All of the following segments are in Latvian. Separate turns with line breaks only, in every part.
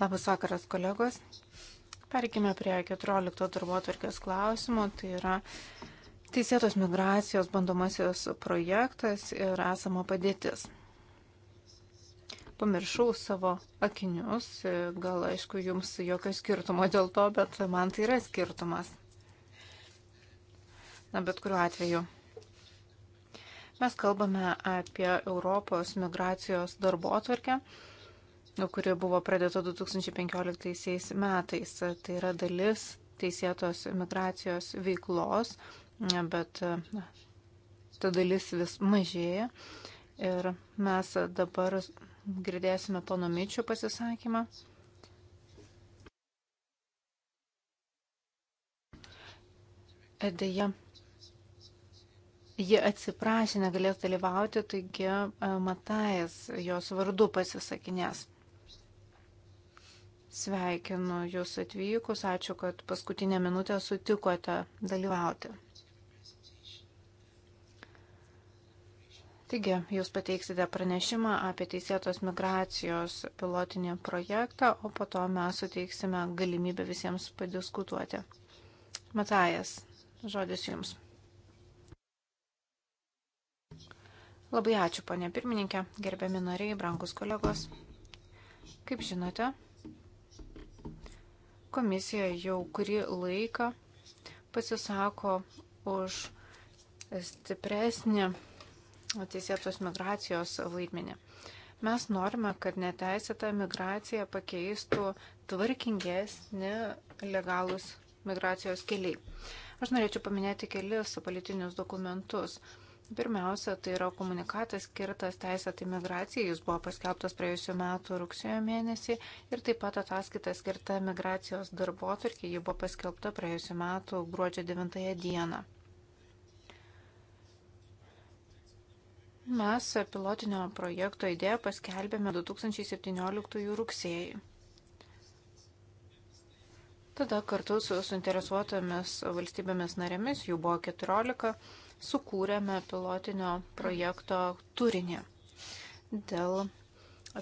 Labas vakaras, kolegos. Perkime prie 14 darbotvarkės klausimo. Tai yra teisėtos migracijos bandomasis projektas ir esama padėtis. Pamiršau savo akinius, gal aišku, jums jokio skirtumo dėl to, bet man tai yra skirtumas. Na, bet kuriuo atveju. Mes kalbame apie Europos migracijos darbotvarkę. tvarkę kuri buvo pradėta 2015 metais. Tai yra dalis teisėtos migracijos veiklos, bet na, ta dalis vis mažėja. Ir mes dabar girdėsime pono Mičio pasisakymą. Deja, ji atsiprašė, negalės dalyvauti, taigi e, Matajas jos vardu pasisakinės. Sveikinu Jūs atvykus, ačiū, kad paskutinę minutę sutikote dalyvauti. Taigi, Jūs pateiksite pranešimą apie teisėtos migracijos pilotinį projektą, o po to mes suteiksime galimybę visiems padiskutuoti. Matajas, žodis Jums. Labai ačiū, ponė pirmininkė, gerbiami nariai, brangus kolegos. Kaip žinote, Komisija jau kurį laiką pasisako už stipresnį teisėtos migracijos vaidmenį. Mes norime, kad neteisėta migracija pakeistų tvarkingesni legalus migracijos keliai. Aš norėčiau paminėti kelis politinius dokumentus. Pirmiausia, tai yra komunikatas skirtas teisėtai migracijai, jis buvo paskelbtas praėjusiu metu rugsėjo mėnesį ir taip pat ataskaita skirta migracijos darbo atvarkiai, ji buvo paskelbta praėjusiu metu gruodžio 9 dieną. Mes pilotinio projekto idėją paskelbėme 2017 rugsėjai. Tada kartu su suinteresuotomis valstybėmis narėmis, jų buvo 14, sukūrėme pilotinio projekto turinį. Dėl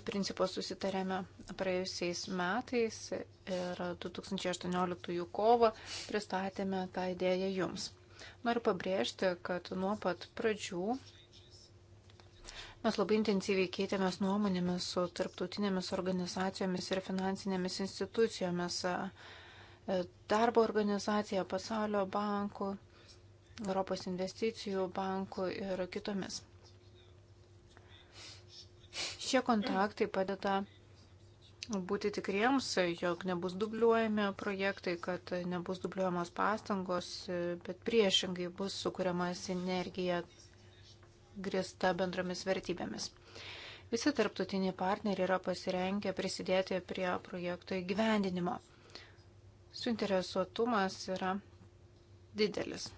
principo susitarėme praėjusiais metais ir 2018 kovo pristatėme tą idėją jums. Noriu pabrėžti, kad nuo pat pradžių mes labai intensyviai keitėmės nuomonėmis su tarptautinėmis organizacijomis ir finansinėmis institucijomis, darbo organizacija, pasaulio banku Europos investicijų banku ir kitomis. Šie kontaktai padeda būti tikriems, jog nebus dubliuojami projektai, kad nebus dubliuojamos pastangos, bet priešingai bus sukūriama sinergija grista bendromis vertybėmis. Visi tarptautiniai partneriai yra pasirengę prisidėti prie projekto įgyvendinimo. Suinteresuotumas yra didelis.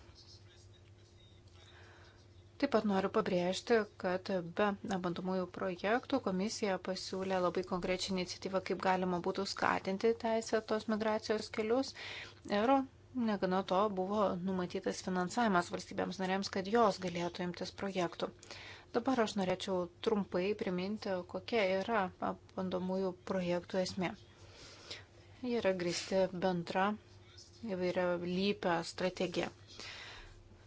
Taip pat noriu pabrėžti, kad be bandomųjų projektų komisija pasiūlė labai konkrečią iniciatyvą, kaip galima būtų skatinti teisę tos migracijos kelius. Ir negana to buvo numatytas finansavimas valstybėms narėms, kad jos galėtų imtis projektų. Dabar aš norėčiau trumpai priminti, kokia yra bandomųjų projektų esmė. Jie yra grįsti bendra įvairia lypę strategiją.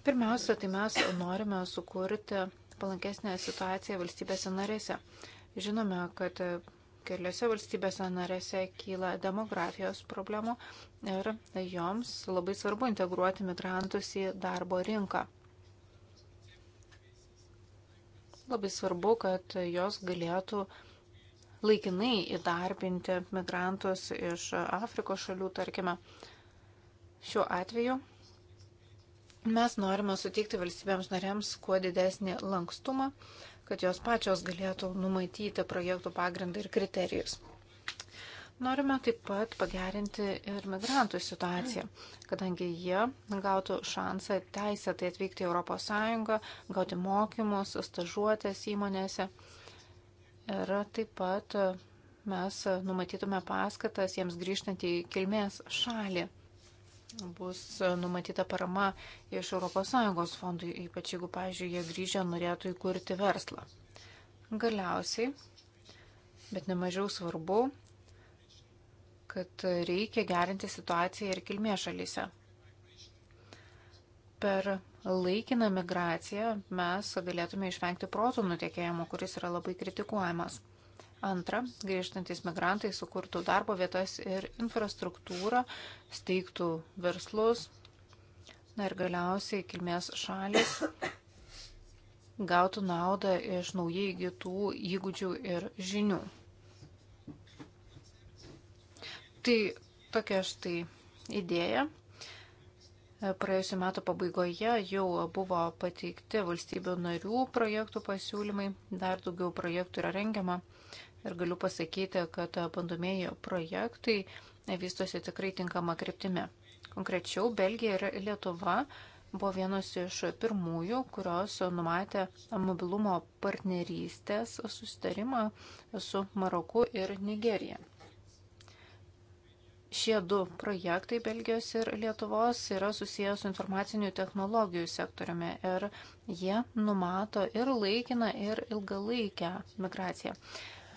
Pirmiausia, tai mes norime sukurti palankesnę situaciją valstybėse narėse. Žinome, kad keliose valstybėse narėse kyla demografijos problemų ir joms labai svarbu integruoti migrantus į darbo rinką. Labai svarbu, kad jos galėtų laikinai įdarbinti migrantus iš Afrikos šalių, tarkime. Šiuo atveju Mes norime suteikti valstybėms nariams kuo didesnį lankstumą, kad jos pačios galėtų numatyti projektų pagrindą ir kriterijus. Norime taip pat pagerinti ir migrantų situaciją, kadangi jie gautų šansą teisę tai atvykti į ES, gauti mokymus, stažuotės įmonėse. Ir taip pat mes numatytume paskatas jiems grįžtant į kilmės šalį bus e, numatyta parama iš ES fondų, ypač jeigu, pavyzdžiui, jie grįžę norėtų įkurti verslą. Galiausiai, bet nemažiau svarbu, kad reikia gerinti situaciją ir kilmės šalyse. Per laikiną migraciją mes galėtume išvengti protų nutiekėjimo, kuris yra labai kritikuojamas. Antra, grįžtantis migrantai sukurtų darbo vietas ir infrastruktūrą, steigtų verslus. Na ir galiausiai kilmės šalis gautų naudą iš naujai įgytų įgūdžių ir žinių. Tai tokia štai idėja. Praėjusiu metu pabaigoje jau buvo pateikti valstybių narių projektų pasiūlymai, dar daugiau projektų yra rengiama ir galiu pasakyti, kad bandomieji projektai vystosi tikrai tinkama kryptimi. Konkrečiau, Belgija ir Lietuva buvo vienos iš pirmųjų, kurios numatė mobilumo partnerystės sustarimą su Maroku ir Nigerija. Šie du projektai Belgijos ir Lietuvos yra susijęs su informacinių technologijų sektoriumi ir jie numato ir laikiną, ir ilgalaikę migraciją.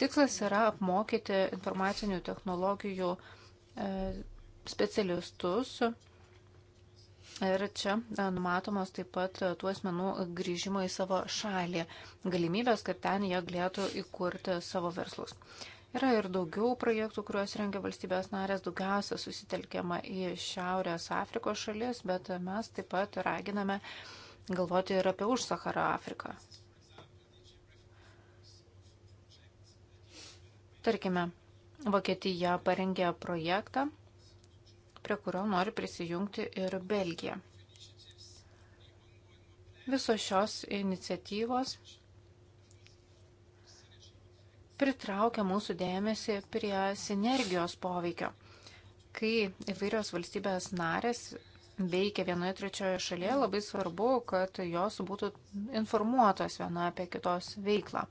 Tikslas yra apmokyti informacinių technologijų e, specialistus. Ir čia e, numatomos taip pat e, tų asmenų grįžimo į savo šalį galimybės, kad ten jie galėtų įkurti savo verslus. Yra ir daugiau projektų, kuriuos rengia valstybės narės, daugiausia susitelkiama į Šiaurės Afrikos šalis, bet mes taip pat raginame galvoti ir apie už Sahara Afriką. Tarkime, Vokietija parengė projektą, prie kurio nori prisijungti ir Belgija. Visos šios iniciatyvos pritraukia mūsų dėmesį prie sinergijos poveikio. Kai įvairios valstybės narės veikia vienoje trečioje šalyje, labai svarbu, kad jos būtų informuotos viena apie kitos veiklą.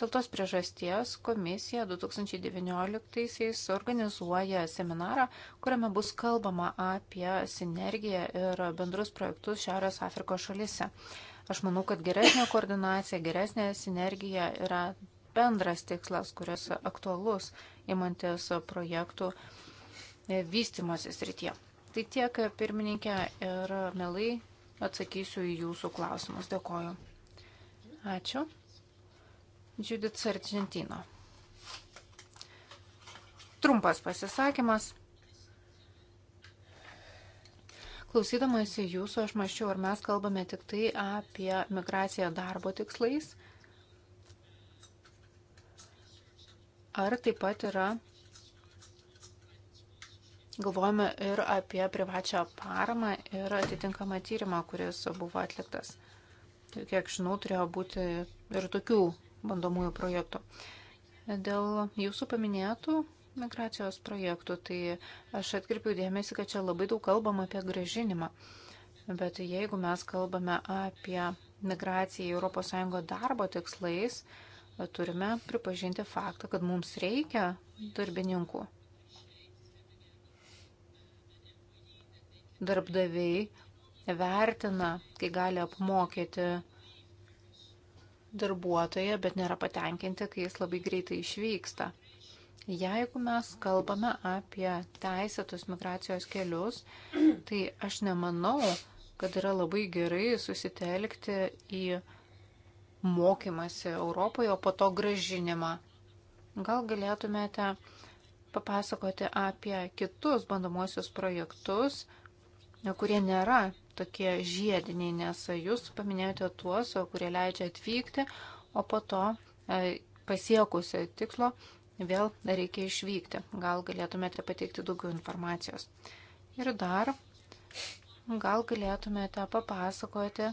Dėl tos priežasties komisija 2019-aisiais organizuoja seminarą, kuriame bus kalbama apie sinergiją ir bendrus projektus Šiaurės Afrikos šalise. Aš manau, kad geresnė koordinacija, geresnė sinergija yra bendras tikslas, kuris aktualus įmantis projektų vystimosi srityje. Tai tiek, pirmininkė, ir melai atsakysiu į jūsų klausimus. Dėkoju. Ačiū. Judith Sargentino. Trumpas pasisakymas. Klausydamasi jūsų, aš maščiau, ar mes kalbame tik tai apie migraciją darbo tikslais, ar taip pat yra galvojame ir apie privačią paramą ir atitinkamą tyrimą, kuris buvo atliktas. Kiek žinau, turėjo būti ir tokių bandomųjų projektų. Dėl jūsų paminėtų migracijos projektų, tai aš atkirpiu dėmesį, kad čia labai daug kalbam apie gražinimą. Bet jeigu mes kalbame apie migraciją į ES darbo tikslais, turime pripažinti faktą, kad mums reikia darbininkų. Darbdaviai vertina, kai gali apmokyti darbuotoją, bet nėra patenkinti, kai jis labai greitai išvyksta. Jeigu mes kalbame apie teisėtus migracijos kelius, tai aš nemanau, kad yra labai gerai susitelkti į mokymasi Europoje, o po to gražinimą. Gal galėtumėte papasakoti apie kitus bandomuosius projektus, kurie nėra tokie žiediniai, nes jūs paminėjote tuos, kurie leidžia atvykti, o po to e, pasiekus tikslo vėl reikia išvykti. Gal galėtumėte pateikti daugiau informacijos. Ir dar, gal galėtumėte papasakoti,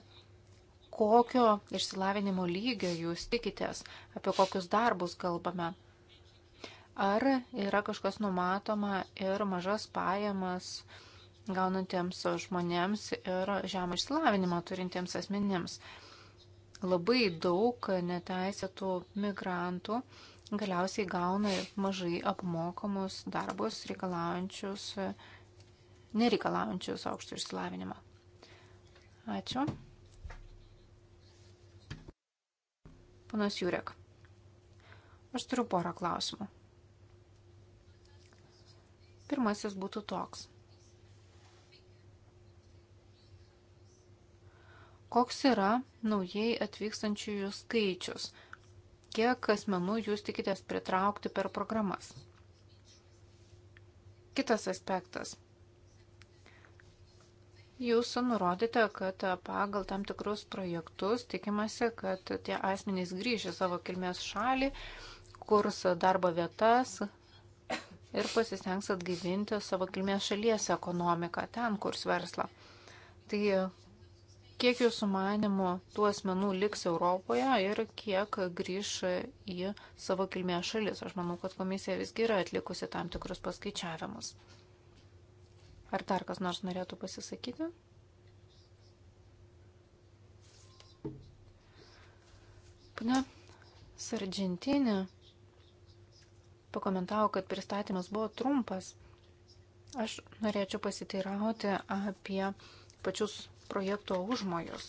kokio išsilavinimo lygio jūs tikitės, apie kokius darbus kalbame. Ar yra kažkas numatoma ir mažas pajamas, uh, gaunantiems žmonėms ir žemą išsilavinimą turintiems asmenims. Labai daug neteisėtų migrantų galiausiai gauna mažai apmokamus darbus reikalaujančius, nereikalaujančius aukšto išsilavinimo. Ačiū. Panas Jurek. Aš turiu porą klausimų. Pirmasis būtų toks. koks yra naujai atvykstančiųjų skaičius, kiek asmenų jūs tikitės pritraukti per programas. Kitas aspektas. Jūs nurodėte, kad pagal tam tikrus projektus tikimasi, kad tie asmenys grįžė į savo kilmės šalį, kurs darbo vietas ir pasistengs atgaivinti savo kilmės šalies ekonomiką, ten kurs verslą. Tai Kiek jūsų manimo tų asmenų liks Europoje ir kiek grįš į savo kilmės šalis? Aš manau, kad komisija visgi yra atlikusi tam tikrus paskaičiavimus. Ar dar kas nors norėtų pasisakyti? Pane Sargentinė pakomentavo, kad pristatymas buvo trumpas. Aš norėčiau pasiteirauti apie pačius projekto užmojus.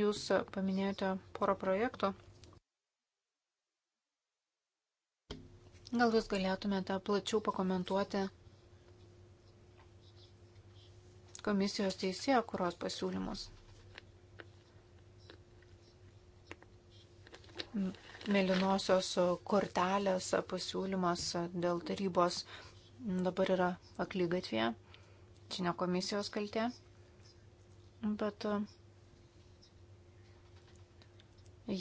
Jūs paminėjote porą projektų. Gal jūs galėtumėte plačiau pakomentuoti komisijos teisėjo kuros pasiūlymus? Mėlynosios kortelės pasiūlymas dėl tarybos dabar yra aklygatvėje. Čia ne komisijos kaltė, bet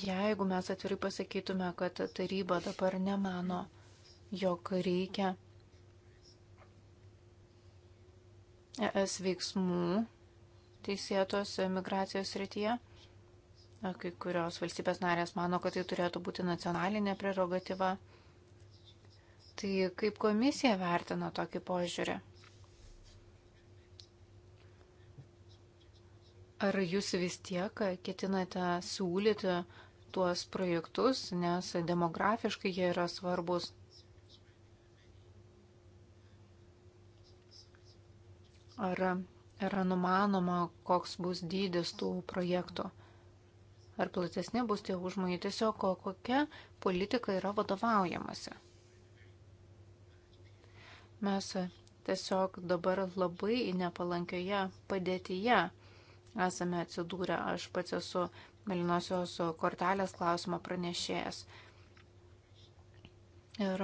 jeigu mes atvirai pasakytume, kad taryba dabar nemano, jog reikia ES veiksmų teisėtos migracijos rytyje. Kai kurios valstybės narės mano, kad tai turėtų būti nacionalinė prerogatyva. Tai kaip komisija vertina tokį požiūrį? Ar jūs vis tiek e, ketinate siūlyti tuos projektus, nes demografiškai jie yra svarbus? Ar yra numanoma, koks bus dydis tų projektų? Ar platesnė bus tie užmojai tiesiog, kokia politika yra vadovaujamasi? Mes tiesiog dabar labai nepalankioje padėtyje esame atsidūrę. Aš pats esu Melinosios kortelės klausimo pranešėjas. Ir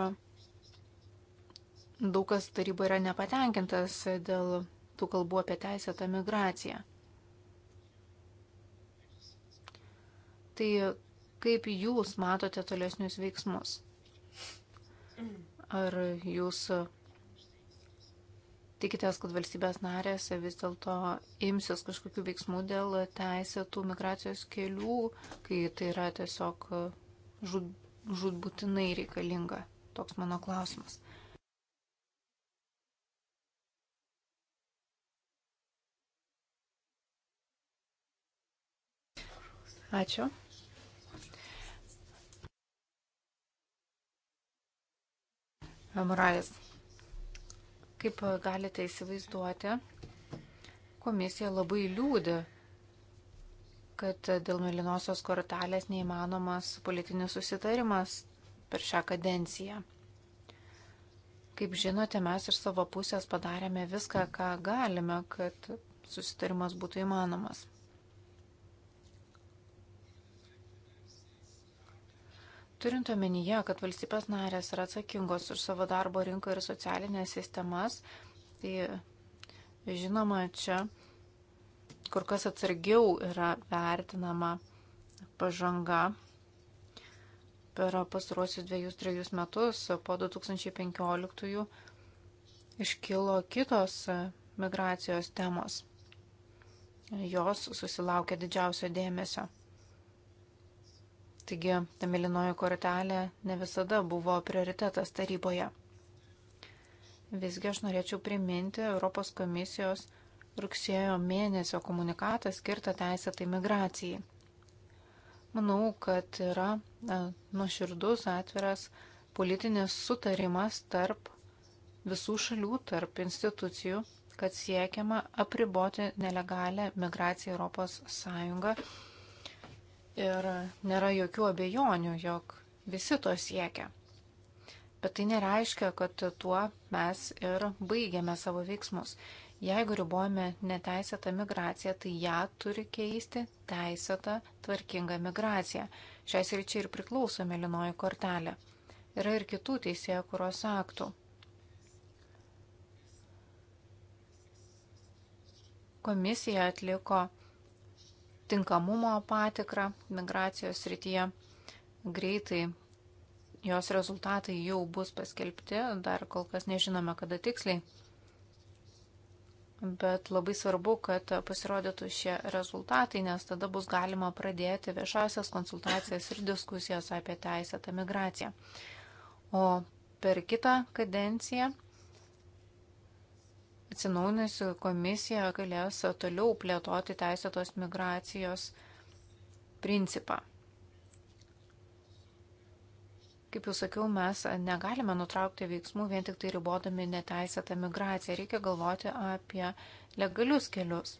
daug kas taryba yra nepatenkintas dėl tų kalbų apie teisėtą migraciją. Tai kaip jūs matote tolesnius veiksmus? Ar jūs tikitės, kad valstybės narės vis dėlto imsis kažkokių veiksmų dėl teisėtų migracijos kelių, kai tai yra tiesiog e, žud, žudbūtinai reikalinga? Toks mano klausimas. Ačiū. Moralės Kaip galite įsivaizduoti, komisija labai liūdė, kad dėl melinosios kortelės neįmanomas politinis susitarimas per šią kadenciją. Kaip žinote, mes iš savo pusės padarėme viską, ką galime, kad susitarimas būtų įmanomas. Turint omenyje, kad valstybės narės yra atsakingos už savo darbo rinką ir socialinės sistemas, tai žinoma, čia kur kas atsargiau yra vertinama pažanga per pastaruosius dviejus, trejus metus po 2015-ųjų iškilo kitos migracijos temos. Jos susilaukė didžiausio dėmesio. Taigi, ta mėlynoji kortelė ne visada buvo prioritetas taryboje. Visgi aš norėčiau priminti Europos komisijos rugsėjo mėnesio komunikatą skirtą teisėtai migracijai. Manau, kad yra e, nuoširdus atviras politinis sutarimas tarp visų šalių, tarp institucijų, kad siekiama apriboti nelegalę migraciją Europos Sąjungą Ir nėra jokių abejonių, jog visi to siekia. Bet tai nereiškia, kad tuo mes ir baigiame savo veiksmus. Jeigu ribojame neteisėtą migraciją, tai ją turi keisti teisėtą, tvarkingą migraciją. Šiais ryčiai ir priklauso melinoji kortelė. Yra ir kitų teisėjų kuros aktų. Komisija atliko tinkamumo patikrą migracijos rytyje. Greitai jos rezultatai jau bus paskelbti, dar kol kas nežinome kada tiksliai. Bet labai svarbu, kad pasirodytų šie rezultatai, nes tada bus galima pradėti viešasias konsultacijas ir diskusijas apie teisėtą migraciją. O per kitą kadenciją atsinaujinus komisija galės toliau plėtoti teisėtos migracijos principą. Kaip jau sakiau, mes negalime nutraukti veiksmų vien tik tai ribodami neteisėtą migraciją. Reikia galvoti apie legalius kelius.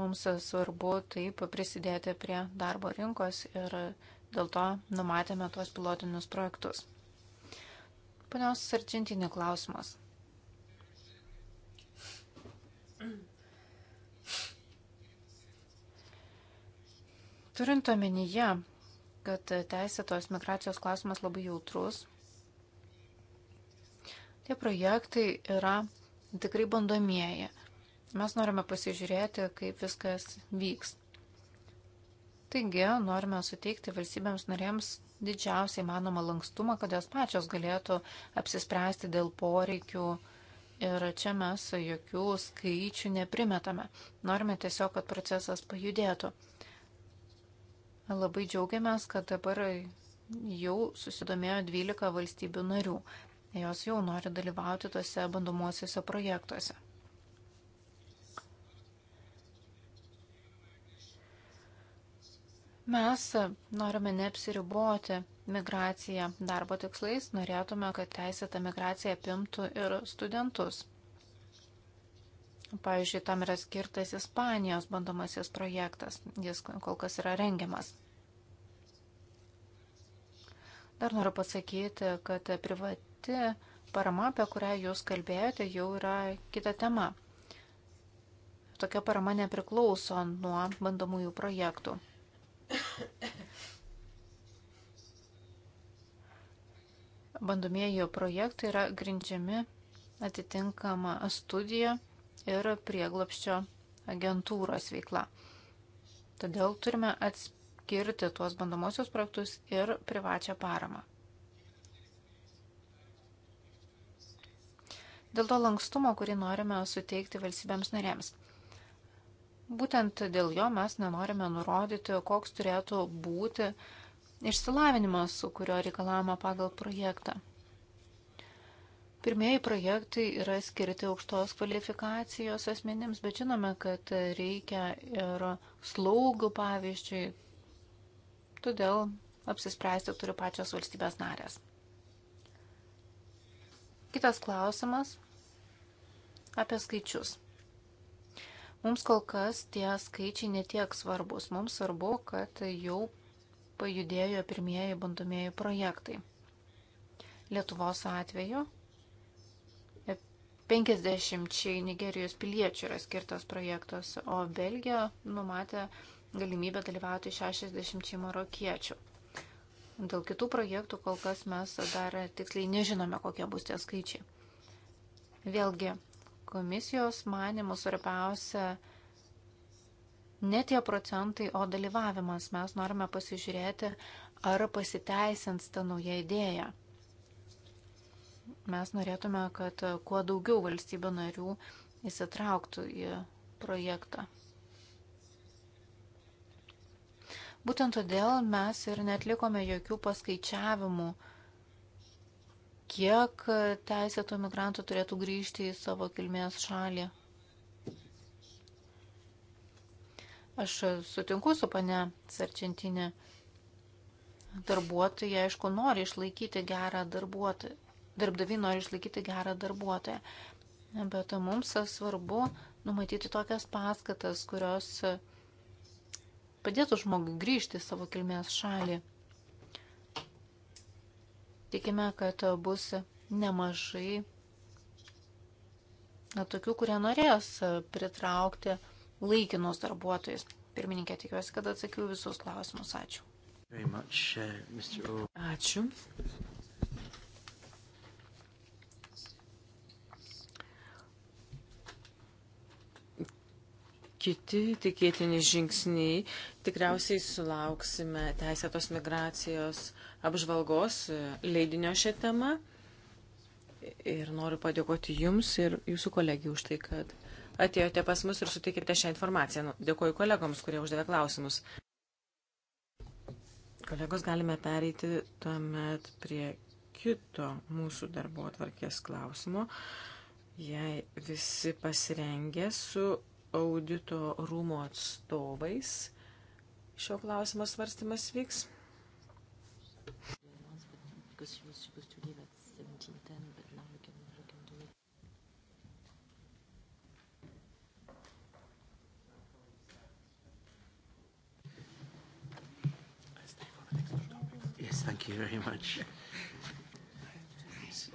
Mums svarbu taip prisidėti prie darbo rinkos ir dėl to numatėme tuos pilotinius projektus. Panios Sarčintinė klausimas. Turint omenyje, kad teisėtos migracijos klausimas labai jautrus, tie projektai yra tikrai bandomieji. Mes norime pasižiūrėti, kaip viskas vyks. Taigi, norime suteikti valstybėms narėms didžiausiai manoma lankstumą, kad jos pačios galėtų apsispręsti dėl poreikių. Ir čia mes jokių skaičių neprimetame. Norime tiesiog, kad procesas pajudėtų. Labai džiaugiamės, kad dabar jau susidomėjo 12 valstybių narių. Jos jau nori dalyvauti tose bandomuosiuose projektuose. Mes norime neapsiriboti migraciją darbo tikslais, norėtume, kad teisėta migracija apimtų ir studentus. Pavyzdžiui, tam yra skirtas Ispanijos bandomasis projektas. Jis kol kas yra rengiamas. Dar noriu pasakyti, kad privati parama, apie kurią jūs kalbėjote, jau yra kita tema. Tokia parama nepriklauso nuo bandomųjų projektų. Bandomieji projektai yra grindžiami atitinkama studija ir prieglapščio agentūros veikla. Todėl turime atskirti tuos bandomosius projektus ir privačią paramą. Dėl to lankstumo, kurį norime suteikti valstybėms narėms. Būtent dėl jo mes nenorime nurodyti, koks turėtų būti išsilavinimas, su kurio reikalavimo pagal projektą. Pirmieji projektai yra skirti aukštos kvalifikacijos asmenims, bet žinome, kad reikia ir slaugų, pavyzdžiui. Todėl apsispręsti turi pačios valstybės narės. Kitas klausimas apie skaičius. Mums kol kas tie skaičiai netiek svarbus. Mums svarbu, kad jau pajudėjo pirmieji bandomieji projektai. Lietuvos atveju 50 Nigerijos piliečių yra skirtas projektas, o Belgija numatė galimybę dalyvauti 60 marokiečių. Dėl kitų projektų kol kas mes dar tiksliai nežinome, kokie bus tie skaičiai. Vėlgi, komisijos manimų svarbiausia ne tie procentai, o dalyvavimas. Mes norime pasižiūrėti, ar pasiteisins ta nauja idėja. Mes norėtume, kad e, kuo daugiau valstybių narių įsitrauktų į projektą. Būtent todėl mes ir netlikome jokių paskaičiavimų, kiek teisėtų migrantų turėtų grįžti į savo kilmės šalį. Aš sutinku su pane Sarčiantinė. Darbuotojai, aišku, nori išlaikyti gerą darbuotoją darbdaviai nori išlaikyti gerą darbuotoją. Bet mums svarbu numatyti tokias paskatas, kurios padėtų žmogui grįžti į savo kilmės šalį. Tikime, kad bus nemažai tokių, kurie norės pritraukti laikinus darbuotojus. Pirmininkė, tikiuosi, kad atsakiau visus klausimus. Ačiū.
Much, uh, Ačiū.
kiti tikėtini žingsniai. Tikriausiai sulauksime teisėtos migracijos apžvalgos e, leidinio šią temą. Ir noriu padėkoti Jums ir Jūsų kolegijai už tai, kad atėjote pas mus ir suteikite šią informaciją. Nu, Dėkuoju kolegoms, kurie uždavė klausimus. Kolegos, galime pereiti tuomet prie kito mūsų darbo atvarkės klausimo. Jei visi pasirengę su audito rūmo atstovais šio klausimo svarstymas vyks.
Yes, thank you very much.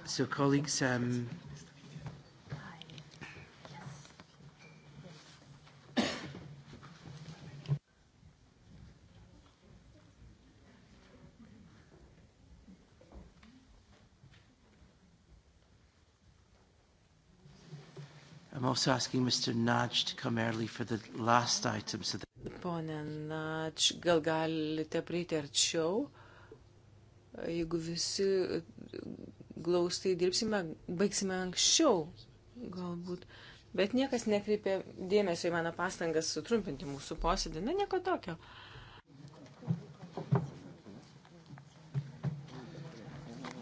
So, colleagues, um, I'm also asking Mr. Nudge to come early for the last item. So that...
Pone Nudge, gal galite prieiti arčiau? Jeigu visi uh, glaustai dirbsime, baigsime anksčiau, galbūt. Bet niekas nekreipė dėmesio į mano pastangas sutrumpinti mūsų posėdį. Na, nieko tokio.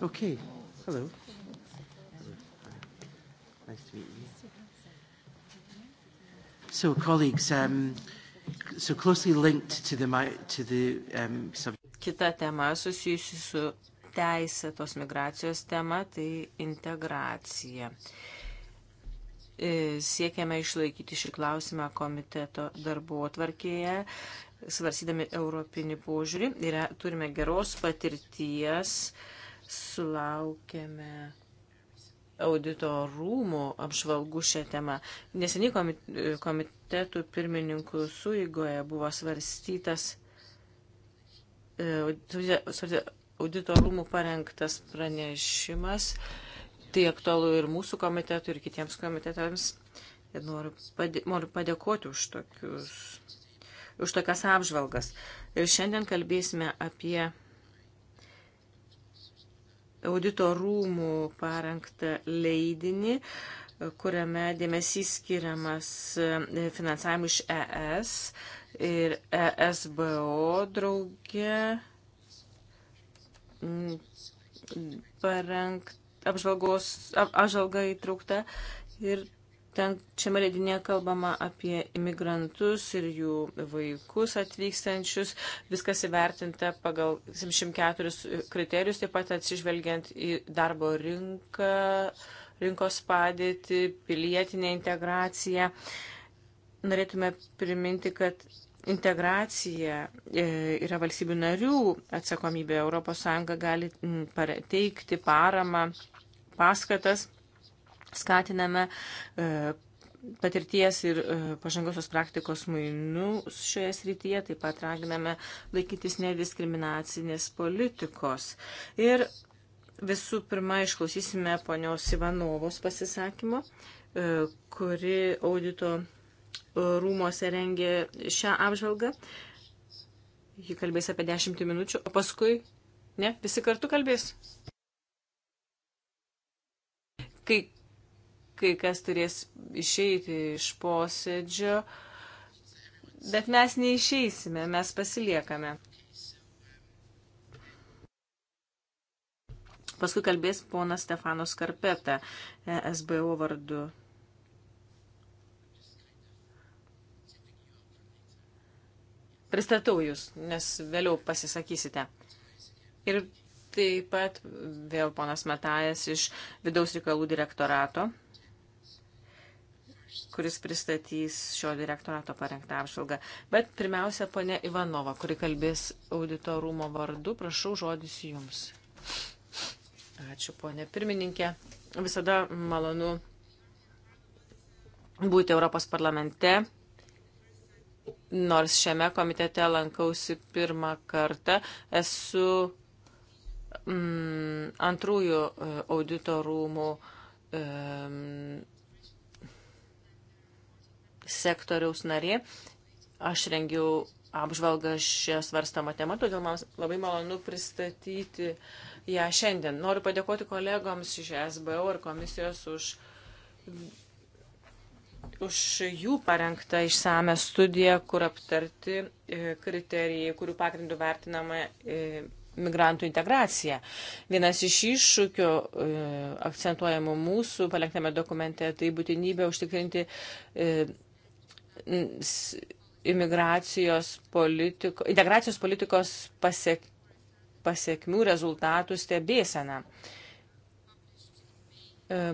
Okay. Hello. Hello. Nice to meet you. So, colleagues, um, so closely linked to the, to the um, subject.
Kita tema susijusi su teisė tos migracijos tema, tai integracija. E, siekiame išlaikyti šį klausimą komiteto darbo atvarkėje, svarsydami europinį požiūrį. Yra, turime geros patirties, sulaukėme audito rūmų apžvalgų šią temą. Neseniai komitetų pirmininkų suigoje buvo svarstytas e, audito rūmų parengtas pranešimas. Tai aktualu ir mūsų komitetui, ir kitiems komitetams. Ir noriu, padė, noriu padėkoti už, tokius, už tokias apžvalgas. Ir šiandien kalbėsime apie audito rūmų parengtą leidinį, kuriame dėmesys skiriamas e, finansavimu iš ES ir ESBO draugė parengt apžvalgos, apžvalga įtraukta ir Ten šiame leidinėje kalbama apie imigrantus ir jų vaikus atvykstančius. Viskas įvertinta pagal 74 kriterijus, taip pat atsižvelgiant į darbo rinką, rinkos padėtį, pilietinę integraciją. Norėtume priminti, kad integracija e, yra valstybių narių atsakomybė. ES gali teikti paramą, paskatas skatiname e, patirties ir e, pažangosios praktikos mainus šioje srityje, taip pat raginame laikytis nediskriminacinės politikos. Ir visų pirma, išklausysime ponios Ivanovos pasisakymo, e, kuri audito rūmose rengė šią apžvalgą. Ji kalbės apie 10 minučių, o paskui, ne, visi kartu kalbės. Kai kai kas turės išeiti iš posėdžio, bet mes neišeisime, mes pasiliekame. Paskui kalbės ponas Stefano Skarpeta, e SBO vardu. Pristatau jūs, nes vėliau pasisakysite. Ir taip pat vėl ponas Metajas iš vidaus reikalų direktorato kuris pristatys šio direktorato parengtą apžvalgą. Bet pirmiausia, ponė Ivanova, kuri kalbės auditorumo vardu, prašau žodis jums. Ačiū, ponė pirmininkė. Visada malonu būti Europos parlamente. Nors šiame komitete lankausi pirmą kartą, esu mm, antrųjų e, audito rūmų mm, e, sektoriaus narė. Aš rengiau apžvalgą šią svarstamą temą, todėl man labai malonu pristatyti ją šiandien. Noriu padėkoti kolegoms iš SBO ir komisijos už, už jų parengtą išsame studiją, kur aptarti e, kriterijai, kurių pagrindų vertinama e, migrantų integracija. Vienas iš iššūkių e, akcentuojamų mūsų palengtame dokumente tai būtinybė užtikrinti imigracijos politiko, integracijos politikos pasiek, pasiekmių rezultatų stebėseną. E,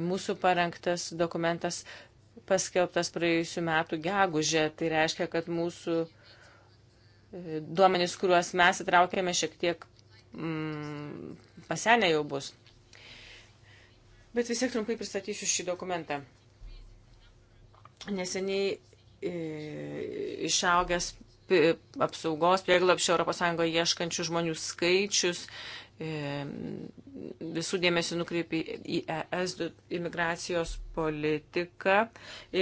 mūsų parengtas dokumentas paskelbtas praėjusiu metu gegužė. Tai reiškia, kad mūsų e, duomenys, kuriuos mes įtraukėme, šiek tiek mm, pasenę jau bus. Bet vis tiek trumpai pristatysiu šį dokumentą. Neseniai išaugęs apsaugos prieglapščio ES ieškančių žmonių skaičius e, visų dėmesį nukreipi į ES imigracijos politiką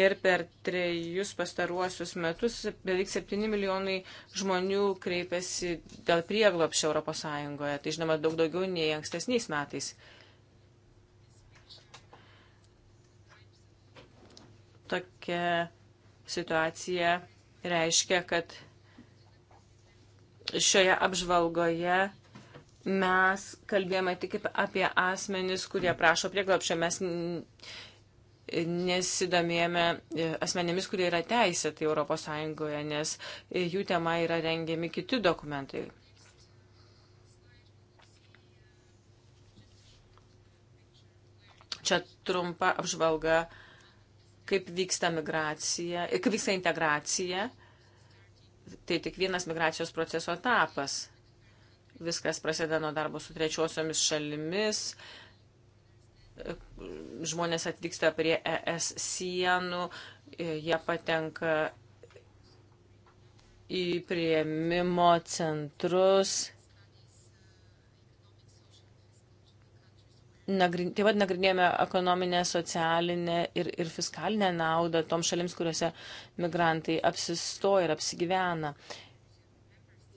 ir per trejus pastaruosius metus beveik 7 milijonai žmonių kreipiasi dėl prieglapščio ES. Tai žinoma daug daugiau nei ankstesniais metais. Tokia situacija reiškia, kad šioje apžvalgoje mes kalbėjome tik apie asmenis, kurie prašo prieglapšio. Mes nesidomėjome e, asmenėmis, kurie yra teisėtai Europos Sąjungoje, nes e, jų tema yra rengiami kiti dokumentai. Čia trumpa apžvalga uh, kaip vyksta migracija, kaip vyksta integracija. Tai tik vienas migracijos proceso etapas. Viskas prasideda nuo darbo su trečiosiomis šalimis. Žmonės atvyksta prie ES sienų, jie patenka į prieimimo centrus nagrin, taip pat nagrinėjome ekonominę, socialinę ir, ir fiskalinę naudą tom šalims, kuriuose migrantai apsistoja ir apsigyvena.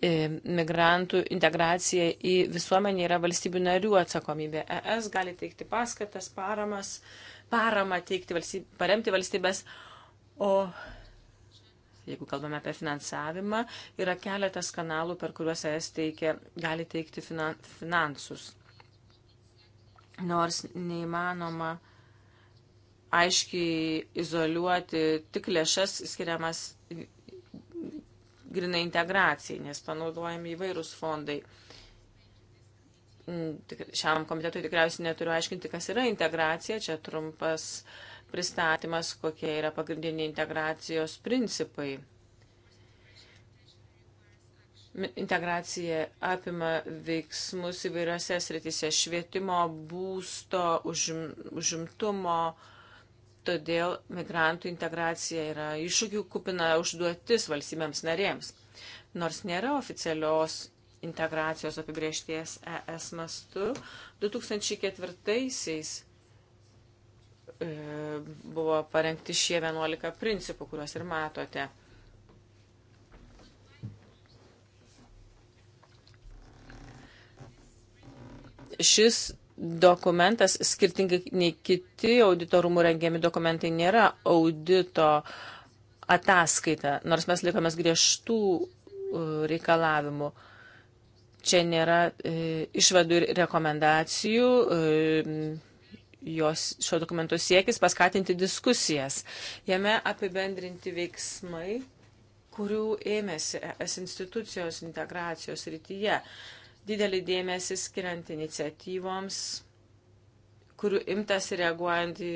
E, migrantų integracija į visuomenį yra valstybių narių atsakomybė. ES gali teikti paskatas, paramas, paramą teikti, valstyb, paremti valstybės, o jeigu kalbame apie finansavimą, yra keletas kanalų, per kuriuos ES teikia, gali teikti finan, finansus nors neįmanoma aiškiai izoliuoti tik lėšas skiriamas grinai integracijai, nes panaudojami įvairūs fondai. Mm, šiam komitetui tikriausiai neturiu aiškinti, kas yra integracija. Čia trumpas pristatymas, kokie yra pagrindiniai integracijos principai. Integracija apima veiksmus įvairiose sritise - švietimo, būsto, užim, užimtumo. Todėl migrantų integracija yra iššūkių kupina užduotis valstybėms narėms. Nors nėra oficialios integracijos apibriešties ES mastu, 2004-aisiais e, buvo parengti šie 11 principų, kuriuos ir matote šis dokumentas, skirtingai nei kiti auditorumų rengiami dokumentai, nėra audito ataskaita, nors mes likomės griežtų e, reikalavimų. Čia nėra e, išvadų ir rekomendacijų, e, jos šio dokumento siekis paskatinti diskusijas. Jame apibendrinti veiksmai, kurių ėmėsi es institucijos integracijos rytyje. E, didelį dėmesį skiriant iniciatyvoms, kurių imtas reaguojant į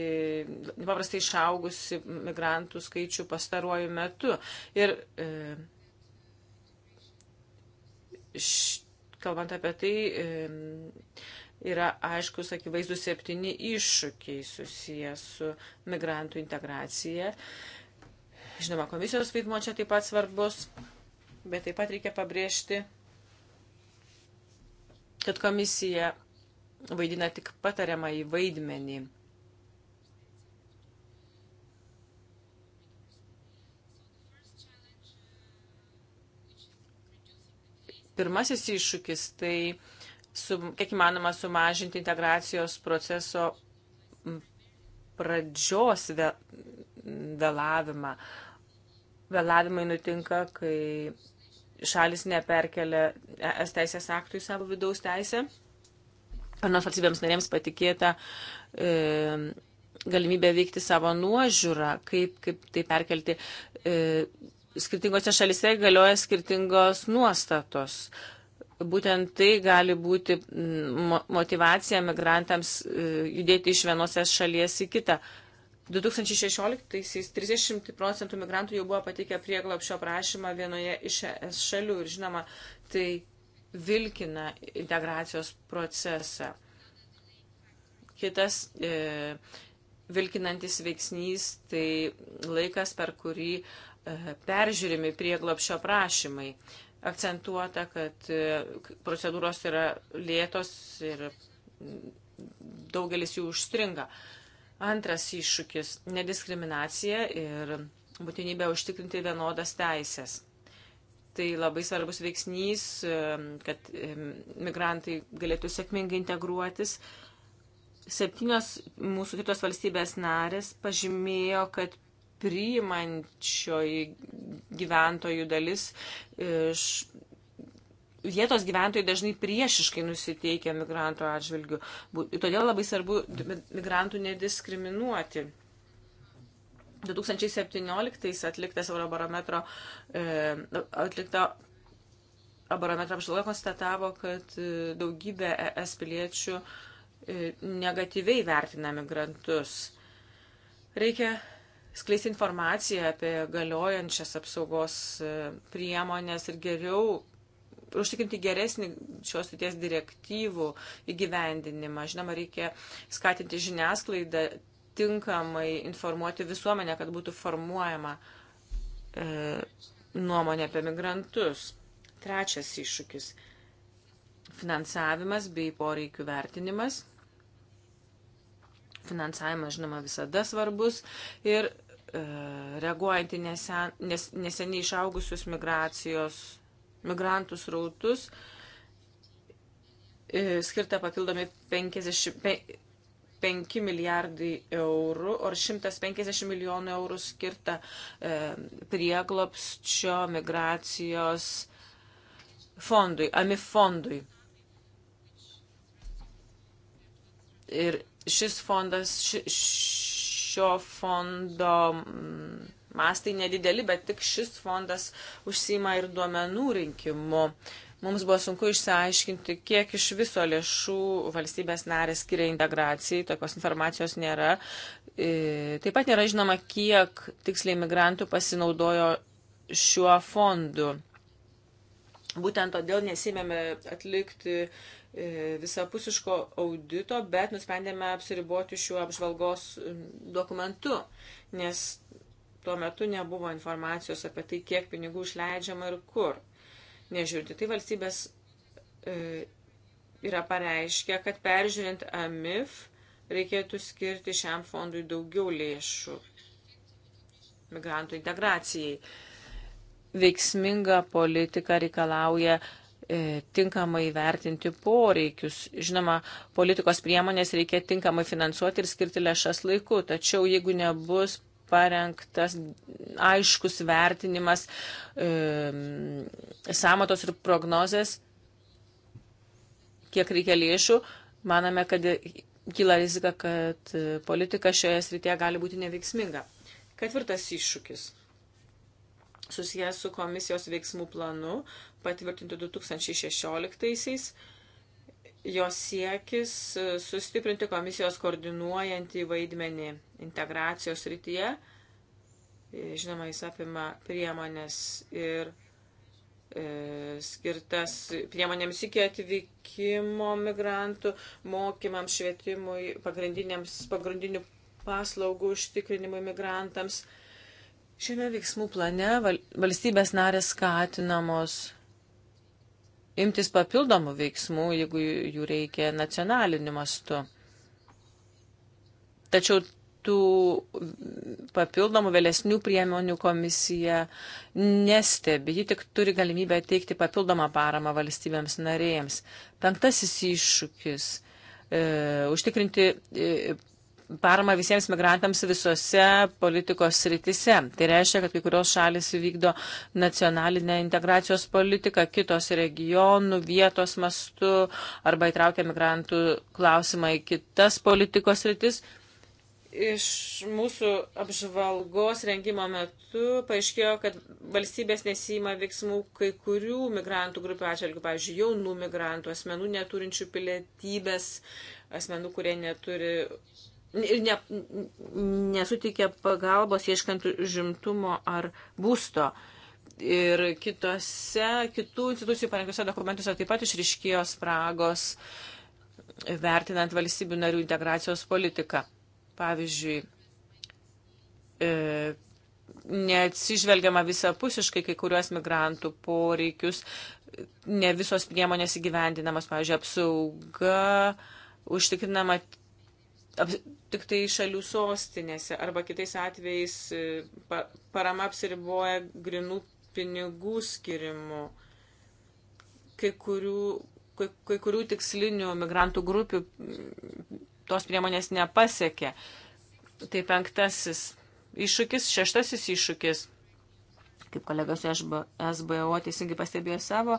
paprastai išaugusi migrantų skaičių pastaruoju metu. Ir e, š, kalbant apie tai, e, yra aiškus, akivaizdu, septyni iššūkiai susiję su migrantų integracija. Žinoma, komisijos vaidmo čia taip pat svarbus, bet taip pat reikia pabrėžti kad komisija vaidina tik patariamą į vaidmenį. Pirmasis iššūkis tai, su, kiek įmanoma, sumažinti integracijos proceso pradžios vėlavimą. Vėlavimai nutinka, kai šalis neperkelia es teisės aktų į savo vidaus teisę. Ar nors valstybėms narėms patikėta e, galimybė veikti savo nuožiūrą, kaip, kaip tai perkelti. E, skirtingose šalise galioja skirtingos nuostatos. Būtent tai gali būti motivacija migrantams e, judėti iš vienos šalies į kitą. 2016-aisiais 30 procentų migrantų jau buvo pateikę prieglapšio prašymą vienoje iš ES šalių ir žinoma, tai vilkina integracijos procesą. Kitas e, vilkinantis veiksnys tai laikas, per kurį e, peržiūrimi prieglapšio prašymai. Akcentuota, kad e, procedūros yra lėtos ir daugelis jų užstringa. E, Antras iššūkis - nediskriminacija ir būtinybė užtikrinti vienodas teisės. Tai labai svarbus veiksnys, kad migrantai galėtų sėkmingai integruotis. Septynios mūsų kitos valstybės narės pažymėjo, kad priimančioji gyventojų dalis iš vietos gyventojai dažnai priešiškai nusiteikia migrantų atžvilgių. Todėl labai svarbu migrantų nediskriminuoti. 2017 atliktas Eurobarometro e, atlikta Eurobarometro apžvalga konstatavo, kad e, daugybė ES piliečių e, negatyviai vertina migrantus. Reikia skleisti informaciją apie galiojančias apsaugos priemonės ir geriau užtikrinti geresnį šios ryties direktyvų įgyvendinimą. Žinoma, reikia skatinti žiniasklaidą, tinkamai informuoti visuomenę, kad būtų formuojama e, nuomonė apie migrantus. Trečias iššūkis - finansavimas bei poreikių vertinimas. Finansavimas, žinoma, visada svarbus ir e, reaguojant į nesen, nes, neseniai išaugusius migracijos migrantų srautus e, skirta papildomi 50, 5 milijardai eurų, o 150 milijonų eurų skirta e, prieglopščio migracijos fondui, AMI fondui. Ir šis fondas, ši, šio fondo. Mm, mastai nedideli, bet tik šis fondas užsima ir duomenų rinkimu. Mums buvo sunku išsiaiškinti, kiek iš viso lėšų valstybės narės skiria integracijai, tokios informacijos nėra. E, taip pat nėra žinoma, kiek tiksliai migrantų pasinaudojo šiuo fondu. Būtent todėl nesėmėme atlikti e, visapusiško audito, bet nusprendėme apsiriboti šiuo apžvalgos dokumentu, nes tuo metu nebuvo informacijos apie tai, kiek pinigų išleidžiama ir kur. Nežiūrinti, tai valstybės e, yra pareiškę, kad peržiūrint AMIF reikėtų skirti šiam fondui daugiau lėšų migrantų integracijai. Veiksminga politika reikalauja e, tinkamai vertinti poreikius. Žinoma, politikos priemonės reikia tinkamai finansuoti ir skirti lėšas laiku, tačiau jeigu nebus parengtas aiškus vertinimas, e, samatos ir prognozės, kiek reikia lėšų. Maname, kad kyla rizika, kad politika šioje srityje gali būti neveiksminga. Ketvirtas iššūkis susijęs su komisijos veiksmų planu patvirtintu 2016-aisiais jos siekis e, sustiprinti komisijos koordinuojantį vaidmenį integracijos rytyje. E, žinoma, jis apima priemonės ir e, skirtas priemonėms iki atvykimo migrantų, mokymams, švietimui, pagrindinių paslaugų užtikrinimui migrantams. Šiame veiksmų plane valstybės narės skatinamos imtis papildomų veiksmų, jeigu jų reikia nacionaliniu mastu. Tačiau tų papildomų vėlesnių priemonių komisija nestebi, ji tik turi galimybę teikti papildomą paramą valstybėms narėjams. Penktasis iššūkis e, - užtikrinti e, paramą visiems migrantams visose politikos sritise. Tai reiškia, kad kai kurios šalis vykdo nacionalinę integracijos politiką, kitos regionų, vietos mastu arba įtraukia migrantų klausimą į kitas politikos sritis. Iš mūsų apžvalgos rengimo metu paaiškėjo, kad valstybės nesima veiksmų kai kurių migrantų grupių atžvilgių, pavyzdžiui, jaunų migrantų, asmenų neturinčių pilietybės, asmenų, kurie neturi ir ne, nesuteikia pagalbos ieškant žimtumo ar būsto. Ir kitose, kitų institucijų parengtuose dokumentuose taip pat išriškėjo spragos vertinant valstybių narių integracijos politiką. Pavyzdžiui, e, neatsižvelgiama visapusiškai kai kuriuos migrantų poreikius, ne visos priemonės įgyvendinamas, pavyzdžiui, apsauga, užtikrinama aps, tik tai šalių sostinėse arba kitais atvejais e, parama apsiriboja grinų pinigų skirimu. Kai kurių, kai, kai kurių tikslinių migrantų grupių tos priemonės nepasiekė. Tai penktasis iššūkis, šeštasis iššūkis kaip kolegos iš SBO teisingai pastebėjo savo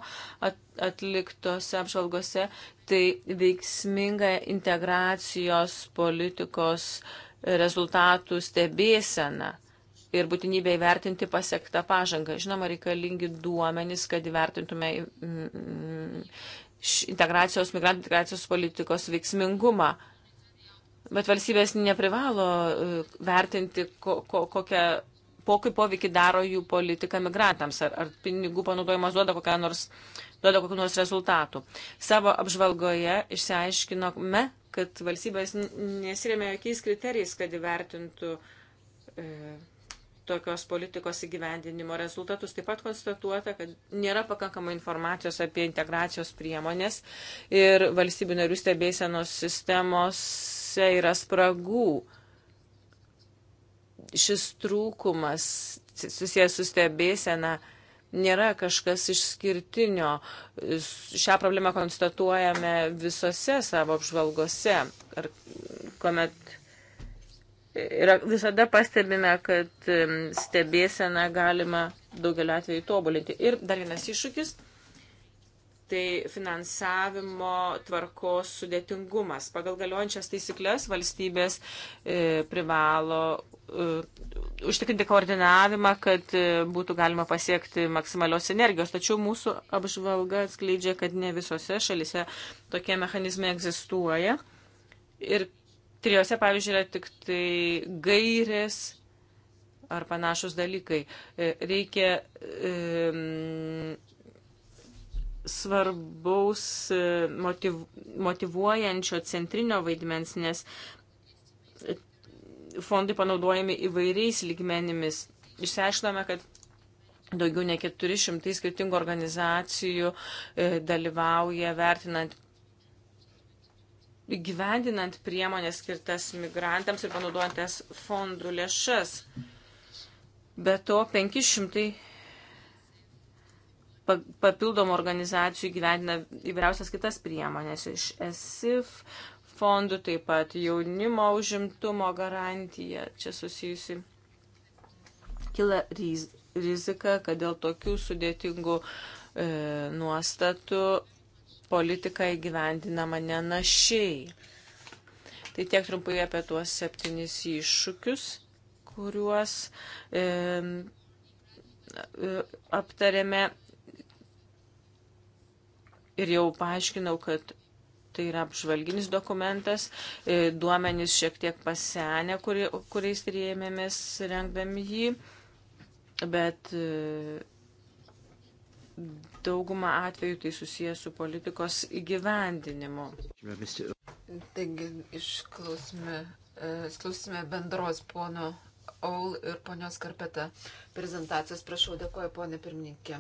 atliktose apžvalgose, tai veiksminga integracijos politikos rezultatų stebėsena ir būtinybė įvertinti pasiektą pažangą. Žinoma, reikalingi duomenys, kad įvertintume mm, integracijos, migrantų integracijos politikos veiksmingumą. Bet valstybės neprivalo e, vertinti, ko, ko, kokią kokį poveikį daro jų politika migrantams, ar, ar pinigų panaudojimas duoda kokią nors duoda kokių nors rezultatų. Savo apžvalgoje išsiaiškinome, kad valstybės nesirėmė jokiais kriterijais, kad įvertintų e, tokios politikos įgyvendinimo rezultatus. Taip pat konstatuota, kad nėra pakankamai informacijos apie integracijos priemonės ir valstybių narių stebėsenos sistemose yra spragų šis trūkumas susijęs su stebėsena nėra kažkas išskirtinio. Šią problemą konstatuojame visose savo apžvalgose, ar, kuomet yra, visada pastebime, kad stebėseną galima daugelį atvejų tobulinti. Ir dar vienas iššūkis tai finansavimo tvarkos sudėtingumas. Pagal galiojančias taisyklės valstybės e, privalo e, užtikrinti koordinavimą, kad e, būtų galima pasiekti maksimalios energijos. Tačiau mūsų apžvalga atskleidžia, kad ne visose šalise tokie mechanizmai egzistuoja. Ir trijose, pavyzdžiui, yra tik tai gairės ar panašus dalykai. E, reikia e, svarbaus e, motiv, motivuojančio centrinio vaidmens, nes fondai panaudojami įvairiais lygmenimis. Išsiaiškinome, kad daugiau nei 400 skirtingų organizacijų e, dalyvauja vertinant gyvendinant priemonės skirtas migrantams ir panaudojant tas fondų lėšas. Be to, 500 papildomų organizacijų gyvendina įvairiausias kitas priemonės iš ESIF fondų, taip pat jaunimo užimtumo garantija čia susijusi. Kila riz, rizika, kad dėl tokių sudėtingų e, nuostatų politika įgyvendinama nenašiai. Tai tiek trumpai apie tuos septynis iššūkius, kuriuos e, aptarėme ir jau paaiškinau, kad tai yra apžvalginis dokumentas, e, duomenys šiek tiek pasenę, kuri, kuriais rėmėmės rengdami jį, bet e, daugumą atvejų tai susijęs su politikos įgyvendinimu. Taigi
išklausime, e, išklausime bendros pono Aul ir ponios Karpeta prezentacijos. Prašau, dėkoju, ponė pirmininkė.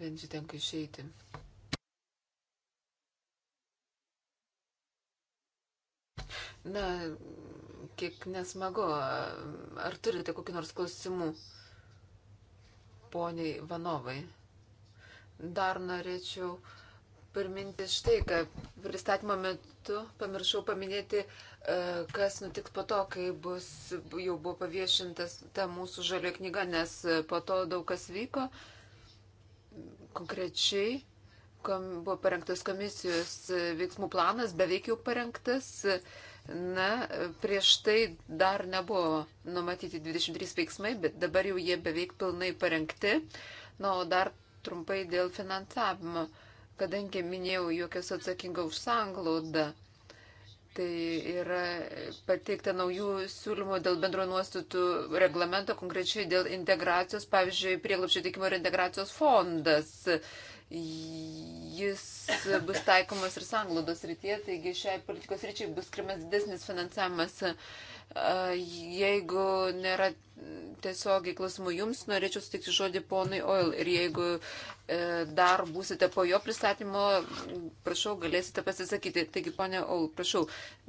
Będzie tenko išeiti. Na, kiek nesmagu, ar turite kokį nors klausimų, poniai Vanovai? Dar norėčiau priminti štai, kad pristatymo metu pamiršau paminėti, e, kas nutiks po to, kai bus, jau buvo paviešintas ta mūsų žalio knyga, nes e, po to daug kas vyko. Uh, Konkrečiai kom, buvo parengtas komisijos veiksmų planas, beveik jau parengtas. Na, prieš tai dar nebuvo numatyti 23 veiksmai, bet dabar jau jie beveik pilnai parengti. Na, o dar trumpai dėl finansavimo, kadangi minėjau, jog esu atsakinga už sanglaudą. Tai yra pateikta naujų siūlymų dėl bendro nuostatų reglamento, konkrečiai dėl integracijos, pavyzdžiui, prieglapščio teikimo ir integracijos fondas. Jis bus taikomas ir sanglaudos rytyje, taigi šiai politikos ryčiai bus skirimas didesnis finansavimas. Jeigu nėra tiesiogiai klausimų jums, norėčiau sutikti žodį ponui Oil ir jeigu e, dar būsite po jo pristatymo, prašau, galėsite pasisakyti. Taigi, ponė Oil, prašau,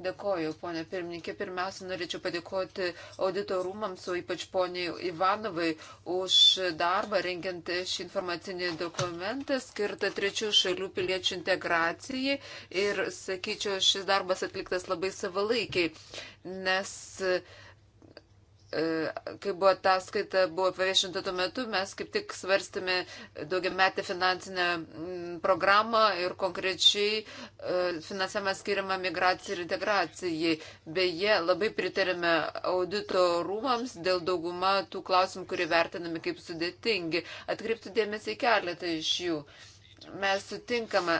dėkoju, ponė pirmininkė. Pirmiausia, norėčiau padėkoti auditorumams, o ypač poniai Ivanovai, už darbą rengiant šį informacinį dokumentą skirtą trečių šalių piliečių integracijai ir, sakyčiau, šis darbas atliktas labai savalaikiai, nes e, E, kai buvo ataskaita, buvo paviešinta tuo metu, mes kaip tik svarstėme daugiametę finansinę mm, programą ir konkrečiai e, finansavimą skiriamą migracijai ir integracijai. Beje, labai pritarėme audito rūmams dėl dauguma tų klausimų, kurie vertinami kaip sudėtingi. Atkreiptų dėmesį į keletą iš jų. Mes sutinkame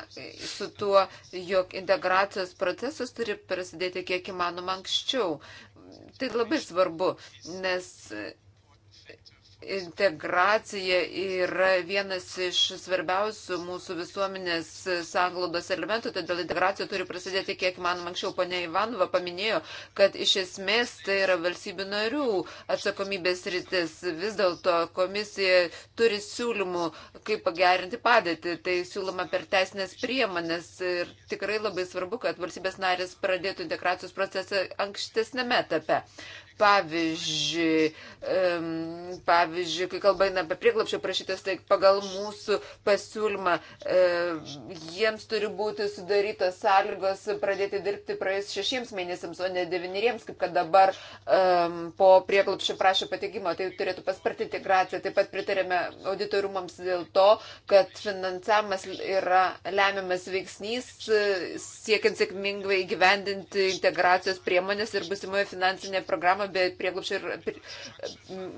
su tuo, jog integracijos procesas turi prasidėti kiek įmanoma anksčiau. Tai labai svarbu, nes integracija yra vienas iš svarbiausių mūsų visuomenės sąglaudos elementų, todėl integracija turi prasidėti kiek man anksčiau. Pane Ivanova paminėjo, kad iš esmės tai yra valstybių narių atsakomybės rytis. Vis dėlto komisija turi siūlymų, kaip pagerinti padėtį. Tai siūloma per teisinės priemonės ir tikrai labai svarbu, kad valstybės narės pradėtų integracijos procesą ankstesnėme etape. Pavyzdžiui, um, pavyzdžiui, kai kalbame apie prieglapšio prašytas, tai pagal mūsų pasiūlymą um, jiems turi būti sudarytos sąlygos pradėti dirbti praėjus šešiems mėnesiams, o ne devyneriems, kaip kad dabar um, po prieglapšio prašo patikimo. Tai turėtų paspartinti integraciją. Taip pat pritarėme auditorumams dėl to, kad finansavimas yra lemiamas veiksnys siekiant sėkmingai įgyvendinti integracijos priemonės ir busimoje finansinė programa reformą, bei prieglapšio ir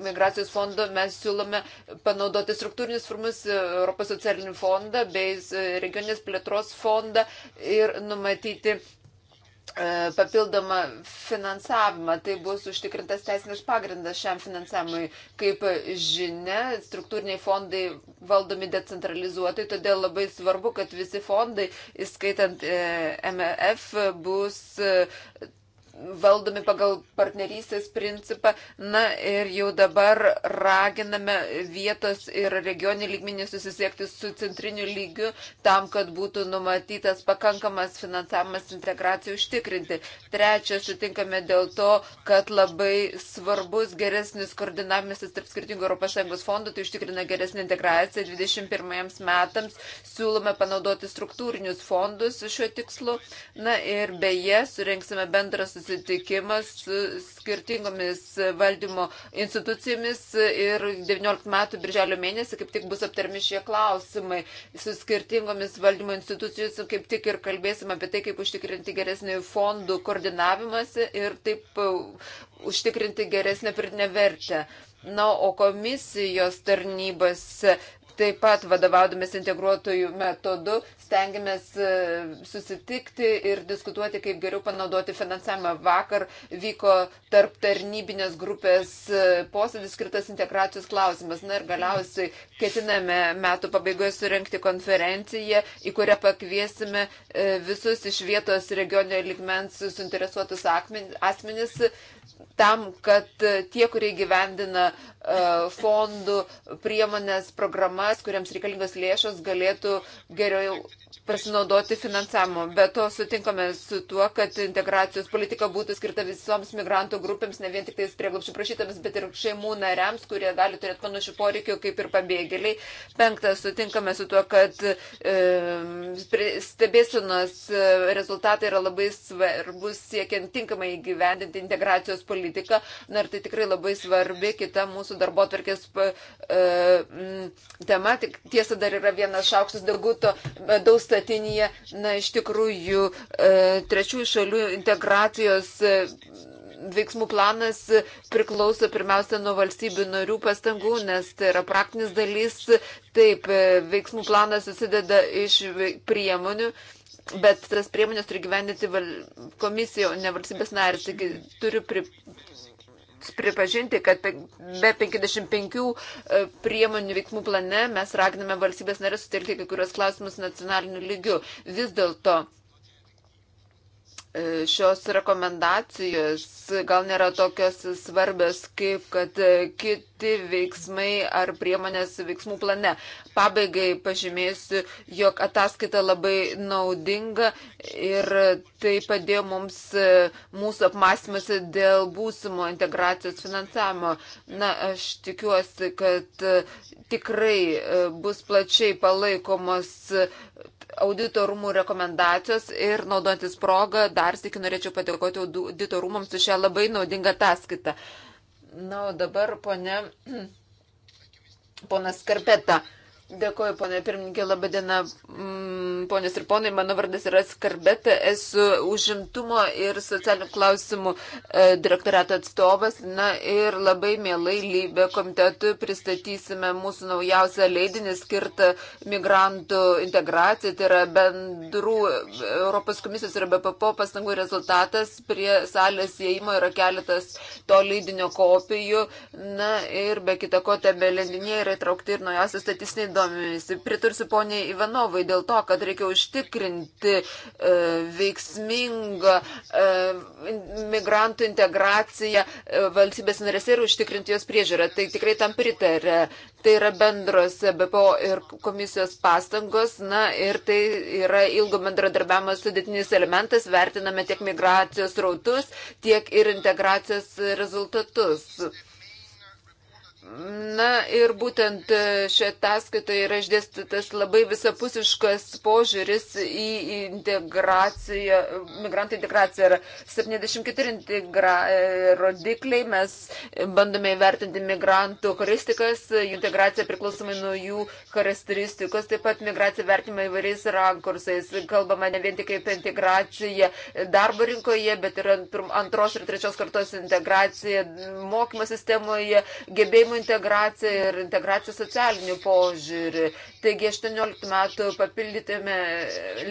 migracijos fondo mes siūlome panaudoti struktūrinius formus e, Europos socialinį fondą bei e, regioninės plėtros fondą ir numatyti e, papildomą finansavimą. Tai bus užtikrintas teisinis pagrindas šiam finansavimui. Kaip žinia, struktūriniai fondai valdomi decentralizuotai, todėl labai svarbu, kad visi fondai, įskaitant MF, bus valdomi pagal partnerystės principą. Na ir jau dabar raginame vietos ir regioninį lygmenį susisiekti su centriniu lygiu tam, kad būtų numatytas pakankamas finansavimas integracijai užtikrinti. Trečia, sutinkame dėl to, kad labai svarbus geresnis koordinavimas tarp skirtingų ES fondų, tai užtikrina geresnį integraciją. 21 metams siūlome panaudoti struktūrinius fondus šiuo tikslu. Na ir beje, surenksime bendrą susitikimą susitikimas su skirtingomis valdymo institucijomis ir 19 metų birželio mėnesį kaip tik bus aptarmi šie klausimai su skirtingomis valdymo institucijomis, kaip tik ir kalbėsim apie tai, kaip užtikrinti geresnį fondų koordinavimąsi ir taip uh, užtikrinti geresnę pridinę vertę. Na, o komisijos tarnybas Taip pat vadovaudomės integruotojų metodu stengiamės e, susitikti ir diskutuoti, kaip geriau panaudoti finansavimą. Vakar vyko tarp tarnybinės grupės e, posėdis skirtas integracijos klausimas. Na ir galiausiai ketiname metų pabaigoje surenkti konferenciją, į kurią pakviesime e, visus iš vietos regionio ligmens suinteresuotus asmenis tam, kad tie, kurie gyvendina fondų priemonės programą, programas, kuriams reikalingos lėšos galėtų geriau pasinaudoti finansavimu. Be to sutinkame su tuo, kad integracijos politika būtų skirta visoms migrantų grupėms, ne vien tik tais prieglapšių prašytams, bet ir šeimų nariams, kurie gali turėti panašių poreikių kaip ir pabėgėliai. Penktas, sutinkame su tuo, kad e, stebėsinos rezultatai yra labai svarbus siekiant tinkamai įgyvendinti integracijos politiką. Na ir tai tikrai labai svarbi kita mūsų darbo atvarkės e, tema problema. Tik, tiesa, dar yra vienas šaukštas deguto daug statinėje. Na, iš tikrųjų, e, trečiųjų šalių integracijos e, veiksmų planas priklauso pirmiausia nuo valstybių narių pastangų, nes tai yra praktinis dalys. Taip, e, veiksmų planas susideda iš priemonių. Bet tas priemonės turi gyvendinti val... komisija, ne valstybės narės. Taigi turiu pri pripažinti, kad be 55 e, priemonių veiksmų plane mes raginame valstybės narės sutelkti kai kurios klausimus nacionaliniu lygiu. Vis dėlto e, šios rekomendacijos gal nėra tokios svarbios, kaip kad e, kiti veiksmai ar priemonės veiksmų plane. Pabaigai pažymėsiu, jog ataskaita labai naudinga ir tai padėjo mums e, mūsų apmąstymuose dėl būsimo integracijos finansavimo. Na, aš tikiuosi, kad e, tikrai e, bus plačiai palaikomos auditorumų rekomendacijos ir naudojantis progą dar sėki norėčiau padėkoti auditorumams už šią labai naudingą ataskaitą. Na, o dabar, ponė, ponas Karpeta. Dėkuoju, ponė pirmininkė, laba diena, mm, ponės ir ponai, mano vardas yra Skarbetė, esu užimtumo ir socialinių klausimų e, direktorato atstovas, na ir labai mielai lybė komitetui pristatysime mūsų naujausią leidinį skirtą migrantų integracijai, tai yra bendrų Europos komisijos ir BPPO pastangų rezultatas, prie salės įėjimo yra keletas to leidinio kopijų, na ir be kitako tebe leidinėje yra įtraukti ir naujausias statistiniai domimisi. Pritursiu poniai Ivanovai dėl to, kad reikia užtikrinti e, veiksmingą e, migrantų integraciją e, valstybės narėse ir užtikrinti jos priežiūrą. Tai tikrai tam pritarė. Tai yra bendros BPO ir komisijos pastangos. Na ir tai yra ilgo bendradarbiavimo sudėtinis elementas. Vertiname tiek migracijos rautus, tiek ir integracijos rezultatus. Na ir būtent e, šioje ataskaitoje yra išdėstytas labai visapusiškas požiūris į integraciją, migrantų integraciją. Yra 74 integra, e, rodikliai, mes bandome įvertinti migrantų karistikas, jų integracija priklausomai nuo jų karakteristikos, taip pat migracija vertima įvairiais rankursais. Kalbama ne vien tik apie integraciją darbo rinkoje, bet ir antros ir trečios kartos integracija mokymo sistemoje, gebėjimų integraciją ir integracijų socialinių požiūrį. Taigi 18 metų papildytame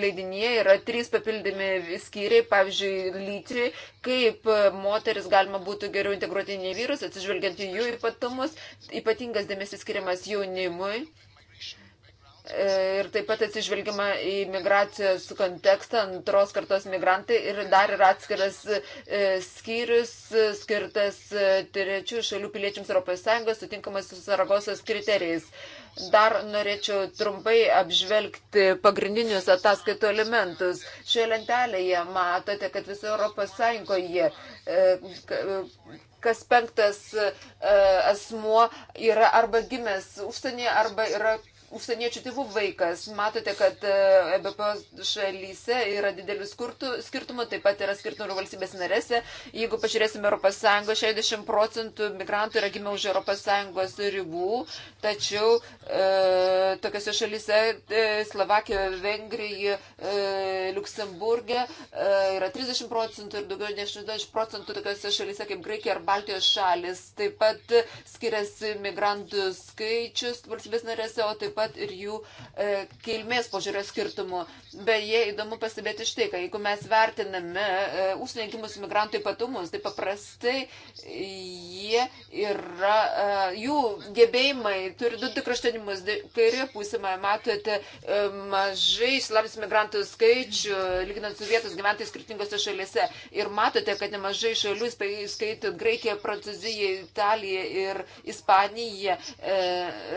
leidinėje yra trys papildymi skyriai, pavyzdžiui, lyčiai, kaip moteris galima būtų geriau integruoti į vyrus, atsižvelgiant į jų ypatumus, ypatingas dėmesys skiriamas jaunimui Ir taip pat atsižvelgiama į migracijos kontekstą, antros kartos migrantai ir dar yra atskiras e, skyrius e, skirtas e, trečių šalių piliečiams ES sutinkamas su Saragosos kriterijais. Dar norėčiau trumpai apžvelgti pagrindinius ataskaitų elementus. Šioje lentelėje matote, kad visoje ES kas penktas asmuo yra arba gimęs užsienyje, arba yra užsieniečių tėvų vaikas. Matote, kad EBPO e šalyse yra didelių skirtumų, taip pat yra skirtumų valstybės narėse. Jeigu pažiūrėsime ES, 60 procentų migrantų yra gimę už ES ribų, tačiau e, tokiose šalyse e, Slovakijoje, Vengrijoje, e, Luksemburgė e, yra 30 procentų ir daugiau nei 80 procentų tokiose šalyse kaip Graikija ar Baltijos šalis. Taip pat skiriasi migrantų skaičius valstybės narėse, o taip pat ir jų e, kilmės požiūrio skirtumų. Beje, įdomu pastebėti štai, kad jeigu mes vertiname e, užsienkimus imigrantų ypatumus, tai paprastai jie yra, e, jų gebėjimai turi du kraštinimus. Kairėje pusėje matote e, mažai išsilavinus imigrantų skaičių, lyginant su vietos gyventojais skirtingose šalyse. Ir matote, kad nemažai šalių, skaitant Graikiją, Prancūziją, Italiją ir Ispaniją, e,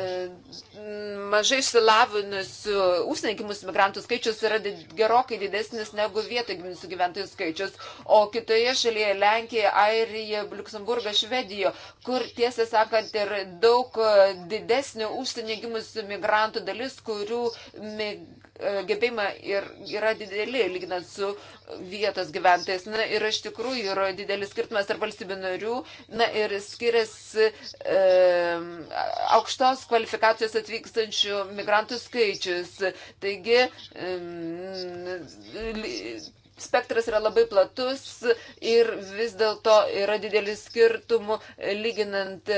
e, mažai išsilavinusių e, užsienimus migrantų skaičius yra did, gerokai didesnis negu vietogimisių gyventojų skaičius, o kitoje šalyje - Lenkija, Airija, Luksemburga, Švedija, kur tiesą sakant ir daug e, didesnė užsienigimusių migrantų dalis, kurių mig E, gebėjimą ir yra dideli, lyginant su vietos gyventojais. Na ir iš tikrųjų yra didelis skirtumas tarp valstybių narių. Na ir skiriasi e, aukštos kvalifikacijos atvykstančių migrantų skaičius. Taigi, e, spektras yra labai platus ir vis dėlto yra didelis skirtumų lyginant e,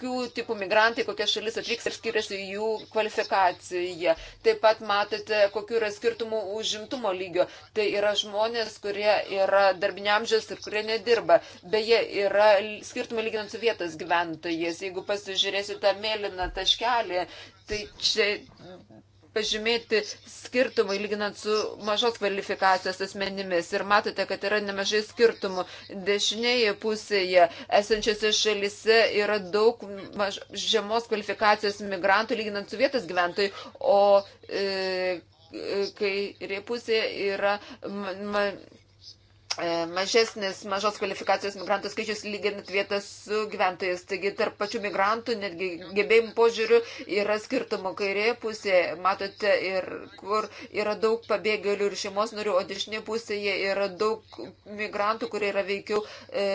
kokių tipų migrantai, kokias šalis atvyks ir skiriasi jų kvalifikacija. Taip pat matote, kokiu yra skirtumų užimtumo lygio. Tai yra žmonės, kurie yra darbiniamžiaus ir kurie nedirba. Beje, yra skirtumai lyginant su vietos gyventojais. Jeigu pasižiūrėsite mėlyną taškelį, tai čia pažymėti skirtumai lyginant su mažos kvalifikacijos asmenimis. Ir matote, kad yra nemažai skirtumų. Dešinėje pusėje esančiose šalise yra daug maž, žemos kvalifikacijos migrantų lyginant su vietos gyventojai, o e, e kairė pusėje yra. Ma, ma, E, mažesnis mažos kvalifikacijos migrantų skaičius lyginant vietas su gyventojais. Taigi tarp pačių migrantų netgi gebėjimų požiūrių yra skirtumo. Kairėje pusėje matote ir kur yra daug pabėgėlių ir šeimos narių, o dešinėje pusėje yra daug migrantų, kurie yra veikiau e,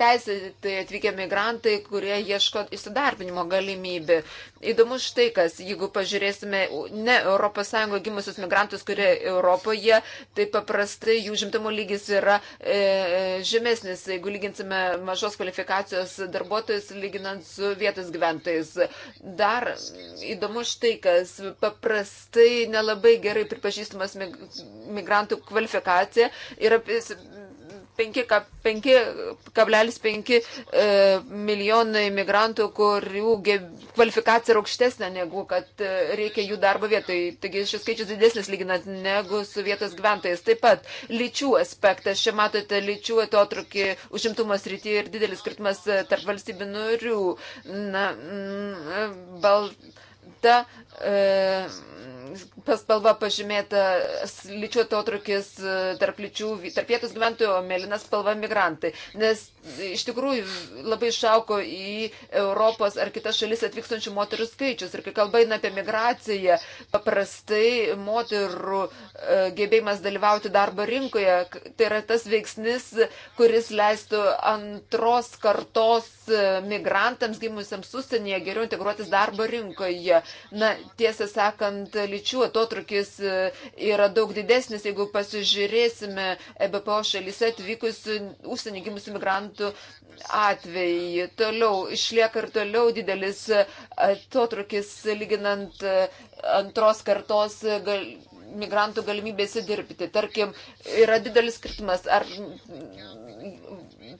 teisėtai atvykę migrantai, kurie ieško įsidarbinimo galimybių. Įdomu štai kas, jeigu pažiūrėsime ne ES gimusius migrantus, kurie Europoje, tai paprastai jų žimtumo lygis yra e, žemesnis, jeigu lyginsime mažos kvalifikacijos darbuotojus, lyginant su vietos gyventojais. Dar įdomu štai, kas paprastai nelabai gerai pripažįstamas migrantų kvalifikacija yra 5,5 e, milijonai imigrantų, kurių kvalifikacija yra aukštesnė negu kad e, reikia jų darbo vietoj. Taigi šis skaičius didesnis lyginant negu su vietos gyventojais. Taip pat lyčių aspektas. Čia matote lyčių atotrukį užimtumos rytyje ir didelis skirtumas e, tarp valstybių narių. Na, bal, ta, e, paspalva pažymėta lyčių atotrukis e, tarp lyčių, tarp vietos gyventojų, o mėlynas spalva migrantai. Nes e, iš tikrųjų labai išauko į Europos ar kitas šalis atvykstančių moterų skaičius. Ir kai kalba eina apie migraciją, paprastai moterų e, gebėjimas dalyvauti darbo rinkoje, tai yra tas veiksnis, kuris leistų antros kartos migrantams gimusiems užsienyje geriau integruotis darbo rinkoje. Na, tiesą sakant, lyčių sričių atotrukis e, yra daug didesnis, jeigu pasižiūrėsime EBPO šalyse atvykusių e, užsienį gimusių migrantų atvejį. Toliau išlieka ir toliau didelis atotrukis lyginant e, antros kartos gal, migrantų galimybė įsidirbti. Tarkim, yra didelis skirtumas, ar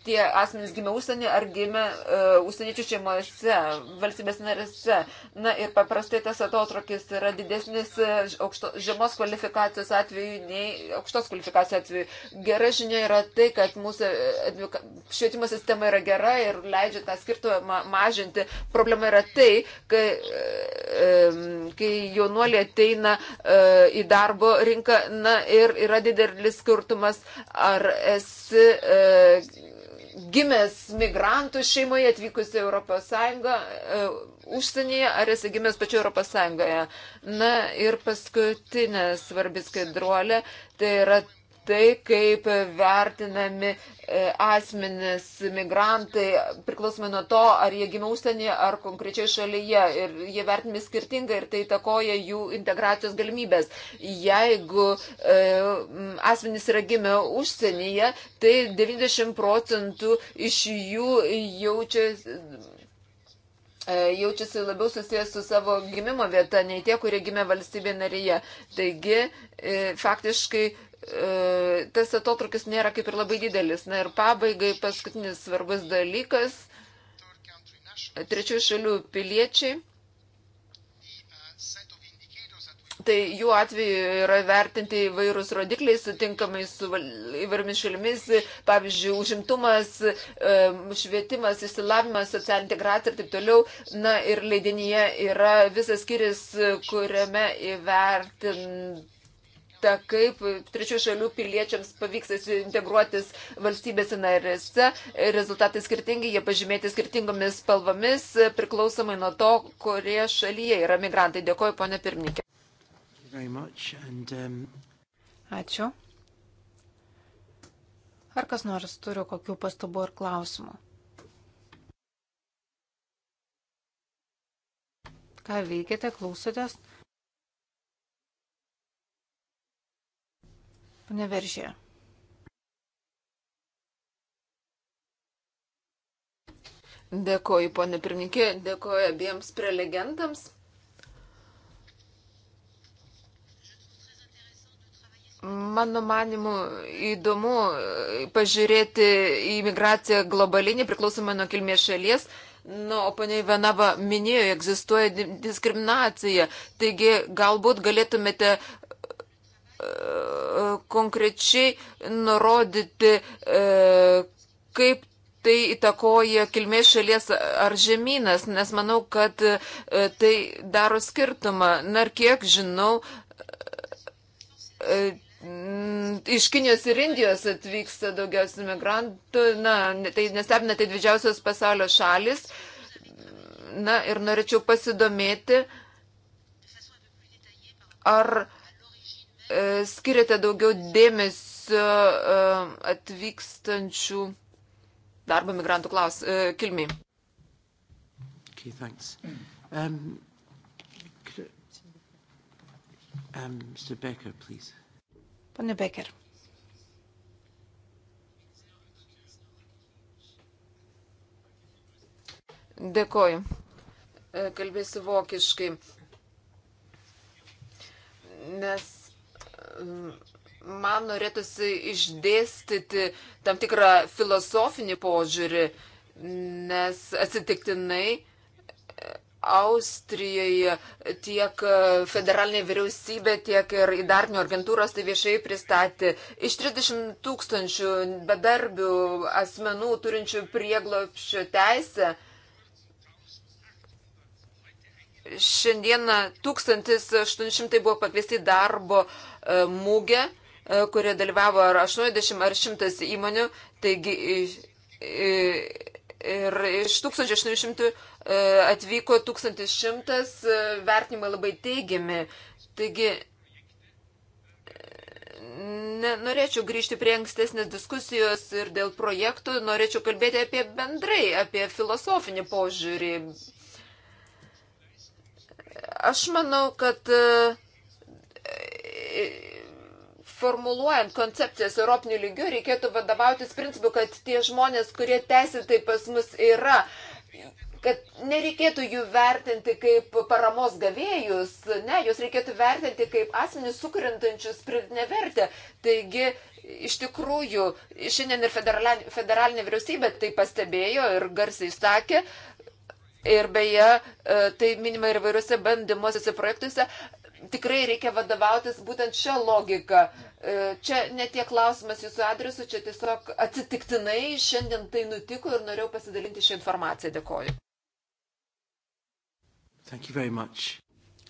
tie asmenys gimė užsienį, ar gimė uh, užsieniečių šeimose, valstybės narėse. Na ir paprastai tas atotrukis yra didesnis e, aukšto, žemos kvalifikacijos atveju nei aukštos kvalifikacijos atveju. Gera žinia yra tai, kad mūsų e, švietimo sistema yra gera ir leidžia tą skirtumą mažinti. Problema yra tai, kai, um, kai jaunuoliai ateina uh, į darbą darbo rinką, na ir yra didelis skirtumas, ar esi. E, gimęs migrantų šeimoje atvykusi Europos Sąjungą, e, užsienyje, ar esi gimęs pačioje Europos Sąjungoje. Na ir paskutinė svarbi skaidruolė, tai yra tai, kaip vertinami e, asmenys, migrantai, priklausomai nuo to, ar jie gimė užsienyje ar konkrečiai šalyje. Ir jie vertinami skirtingai ir tai takoja jų integracijos galimybės. Jeigu e, asmenys yra gimę užsienyje, tai 90 procentų iš jų jaučia e, jaučiasi labiau susijęs su savo gimimo vieta, nei tie, kurie gimė valstybė narėje. Taigi, e, faktiškai, E, tas atotrukis nėra kaip ir labai didelis. Na ir pabaigai paskutinis svarbus dalykas - trečių šalių piliečiai. Tai jų atveju yra vertinti įvairūs rodikliai, sutinkamai su įvairiomis šalimis, pavyzdžiui, užimtumas, e, švietimas, išsilavimas, socialinė integracija ir taip toliau. Na ir leidinyje yra visas skyris, kuriame įvertinti ta, kaip trečių šalių piliečiams pavyks integruotis valstybėse narėse. Rezultatai skirtingi, jie pažymėti skirtingomis spalvomis, priklausomai nuo to, kurie šalyje yra migrantai. Dėkuoju,
ponė pirmininkė.
Um, Ačiū.
Ar kas nors turi kokių pastabų ar klausimų? Ką veikiate, klausotės? Pane Veržė.
Dėkoju, ponė pirmininkė, dėkoju abiems prelegentams. Mano manimu, įdomu pažiūrėti į migraciją globalinį, priklausomai nuo kilmės šalies. Nu, o ponia Ivanova minėjo, egzistuoja diskriminacija. Taigi, galbūt galėtumėte konkrečiai nurodyti, e, kaip tai įtakoja kilmės šalies ar žemynas, nes manau, kad e, tai daro skirtumą. Na ir kiek žinau, e, iš Kinijos ir Indijos atvyksta daugiausiai migrantų, na, tai nestebina, tai didžiausios pasaulio šalis. Na ir norėčiau pasidomėti, ar E, skiriate daugiau dėmesio e, atvykstančių darbo migrantų klaus, e, kilmiai?
Okay, thanks. Um, could, um, Mr. Becker, please.
Pane Becker.
Dėkoju. Kalbėsiu vokiškai. Nes man norėtųsi išdėstyti tam tikrą filosofinį požiūrį, nes atsitiktinai e, Austrijoje tiek federalinė vyriausybė, tiek ir įdarnio agentūros tai viešai pristatė. Iš 30 tūkstančių bedarbių asmenų turinčių prieglopščio teisę Šiandieną 1800 buvo pakviesti darbo e, mūgę, e, kurie dalyvavo ar 80 ar 100 įmonių, taigi ir iš 1800 e, atvyko 1100, vertinimai labai teigiami. Taigi ne, norėčiau grįžti prie ankstesnės diskusijos ir dėl projektų norėčiau kalbėti apie bendrai, apie filosofinį požiūrį, Aš manau, kad e, formuluojant koncepcijas Europinių lygių reikėtų vadovautis principu, kad tie žmonės, kurie teisėtai pas mus yra, kad nereikėtų jų vertinti kaip paramos gavėjus, ne, juos reikėtų vertinti kaip asmenys sukrintančius pridinę vertę. Taigi, iš tikrųjų, šiandien ir federalinė, federalinė vyriausybė tai pastebėjo ir garsiai sakė, Ir beje, e, tai minima ir vairiuose bandymuose projektuose. Tikrai reikia vadovautis būtent šią logiką. E, čia netie klausimas jūsų adresu, čia tiesiog atsitiktinai šiandien tai nutiko ir norėjau pasidalinti šią
informaciją. Dėkoju.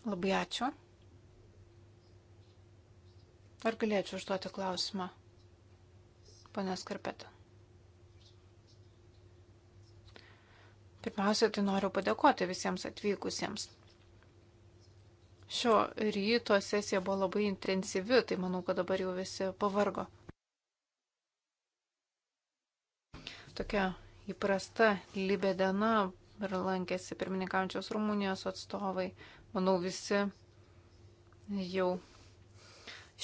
Labai ačiū. Ar galėčiau užduoti klausimą, ponės Karpetą? Pirmiausia, tai noriu padėkoti visiems atvykusiems. Šio ryto sesija buvo labai intensyvi, tai manau, kad dabar jau visi pavargo. Tokia įprasta libė diena ir lankėsi pirmininkaujančios Rumunijos atstovai. Manau, visi jau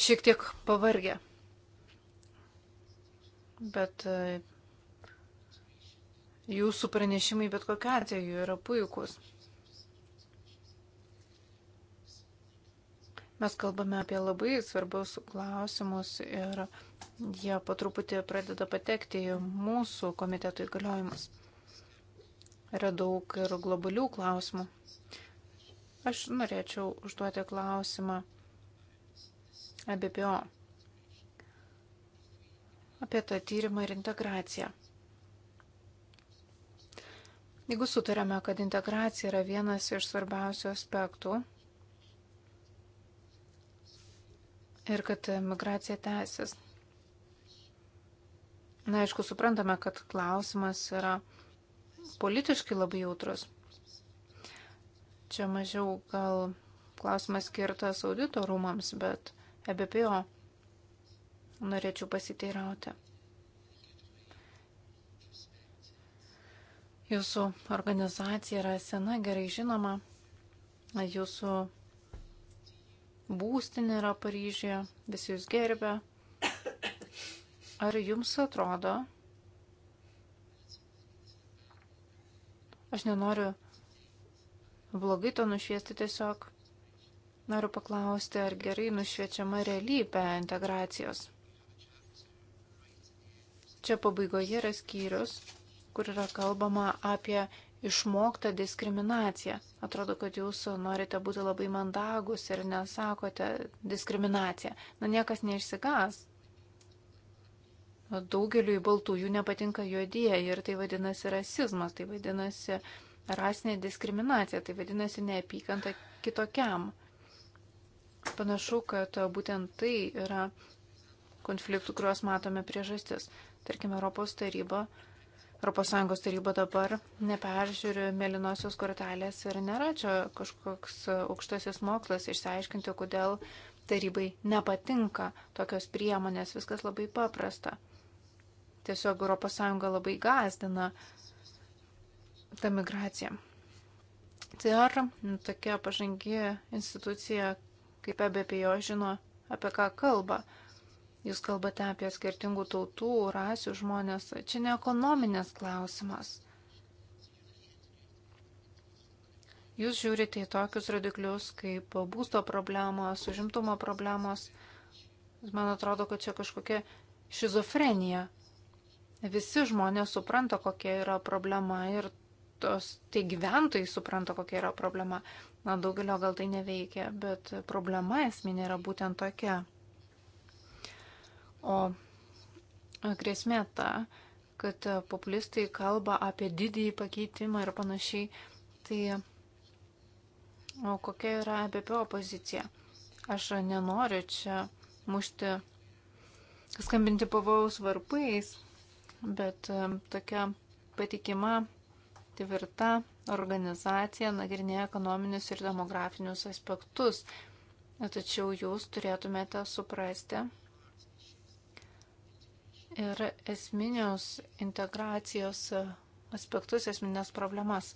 šiek tiek pavargę. Bet Jūsų pranešimai bet kokia atveju yra puikus. Mes kalbame apie labai svarbius klausimus ir jie patruputį pradeda patekti į mūsų komiteto įgaliojimus. Yra daug ir globalių klausimų. Aš norėčiau užduoti klausimą apie PO, apie tą tyrimą ir integraciją. Jeigu sutarėme, kad integracija yra vienas iš svarbiausių aspektų ir kad migracija tęsis. Na, aišku, suprantame, kad klausimas yra politiškai labai jautrus. Čia mažiau gal klausimas skirtas auditorumams, bet EBPO norėčiau pasiteirauti. Jūsų organizacija yra sena, gerai žinoma. Jūsų būstinė yra Paryžėje, visi jūs gerbė. Ar jums atrodo, aš nenoriu blogai to nušviesti tiesiog, noriu paklausti, ar gerai nušviečiama realybė integracijos. Čia pabaigoje yra skyrius kur yra kalbama apie išmoktą diskriminaciją. Atrodo, kad jūs norite būti labai mandagus ir nesakote diskriminaciją. Na niekas neišsigas. Daugeliui baltųjų nepatinka juodieji ir tai vadinasi rasizmas, tai vadinasi rasinė diskriminacija, tai vadinasi neapykanta kitokiam. Panašu, kad būtent tai yra konfliktų, kuriuos matome priežastis. Tarkime, Europos taryba ES taryba dabar neperžiūri mėlynosios kortelės ir nėra čia kažkoks aukštasis mokslas išsiaiškinti, kodėl tarybai nepatinka tokios priemonės. Viskas labai paprasta. Tiesiog ES labai gazdina tą migraciją. CR tokia pažangi institucija, kaip abejo e žino, apie ką kalba. Jūs kalbate apie skirtingų tautų, rasių žmonės. Čia ne ekonominės klausimas. Jūs žiūrite į tokius rodiklius kaip būsto problemos, užimtumo problemos. Man atrodo, kad čia kažkokia šizofrenija. Visi žmonės supranta, kokia yra problema ir tos, tai gyventojai supranta, kokia yra problema. Na, daugelio gal tai neveikia, bet problema esminė yra būtent tokia. O grėsmė ta, kad populistai kalba apie didįjį pakeitimą ir panašiai. Tai o kokia yra BPO pozicija? Aš nenoriu čia mušti, skambinti pavojaus varpais, bet e, tokia patikima, tvirta organizacija nagrinėja ekonominius ir demografinius aspektus. Tačiau jūs turėtumėte suprasti, ir esminius integracijos aspektus, esminės problemas.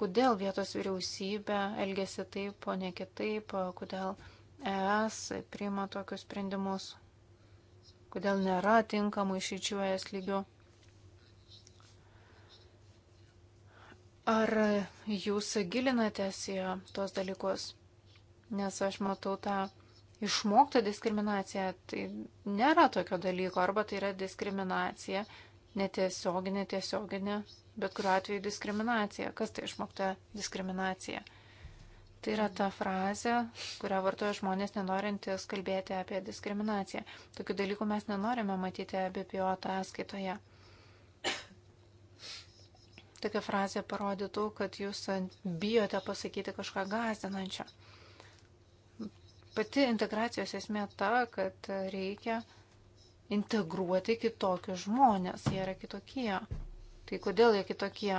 Kodėl vietos vyriausybė elgesi taip, o ne kitaip, kodėl ES priima tokius sprendimus, kodėl nėra tinkamų išeičių ES lygių. Ar jūs gilinatės į tos dalykus? Nes aš matau tą išmokta diskriminacija, tai nėra tokio dalyko, arba tai yra diskriminacija, netiesioginė, tiesioginė, bet kuriuo atveju diskriminacija. Kas tai išmokta diskriminacija? Tai yra ta frazė, kurią vartoja žmonės nenorintys kalbėti apie diskriminaciją. Tokių dalykų mes nenorime matyti BPO ataskaitoje. Tokia frazė parodytų, kad jūs bijote pasakyti kažką gazdinančio. Pati integracijos esmė ta, kad reikia integruoti kitokius žmonės, jie yra kitokie. Tai kodėl jie kitokie?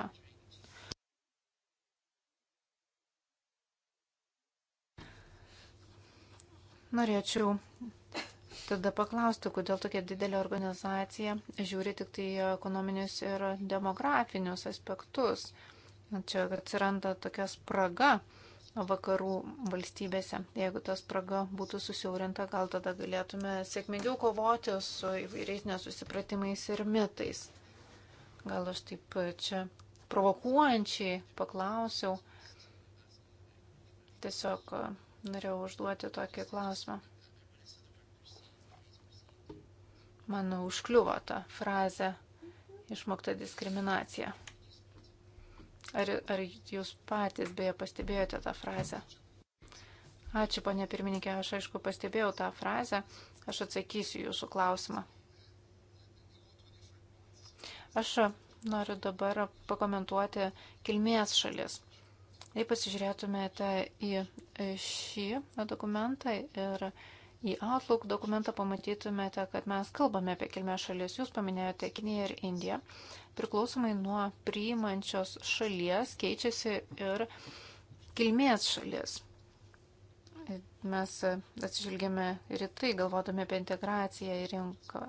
Norėčiau tada paklausti, kodėl tokia didelė organizacija žiūri tik tai ekonominius ir demografinius aspektus. Čia atsiranda tokia spraga vakarų valstybėse. Jeigu ta spraga būtų susiaurinta, gal tada galėtume sėkmingiau kovoti su įvairiais nesusipratimais ir mitais. Gal aš taip čia provokuojančiai paklausiau. Tiesiog e, norėjau užduoti tokį klausimą. Man užkliuvo ta frazė išmokta diskriminacija. Ar, ar jūs patys beje pastebėjote tą frazę? Ačiū, ponė pirmininkė, aš aišku pastebėjau tą frazę, aš atsakysiu jūsų klausimą. Aš noriu dabar pakomentuoti kilmės šalis. Jei pasižiūrėtumėte į šį dokumentą ir į Outlook dokumentą pamatytumėte, kad mes kalbame apie kilmės šalis. Jūs paminėjote Kiniją ir Indiją. Priklausomai nuo priimančios šalies keičiasi ir kilmės šalis. Mes atsižvelgėme ir į tai, galvodami apie integraciją į rinką.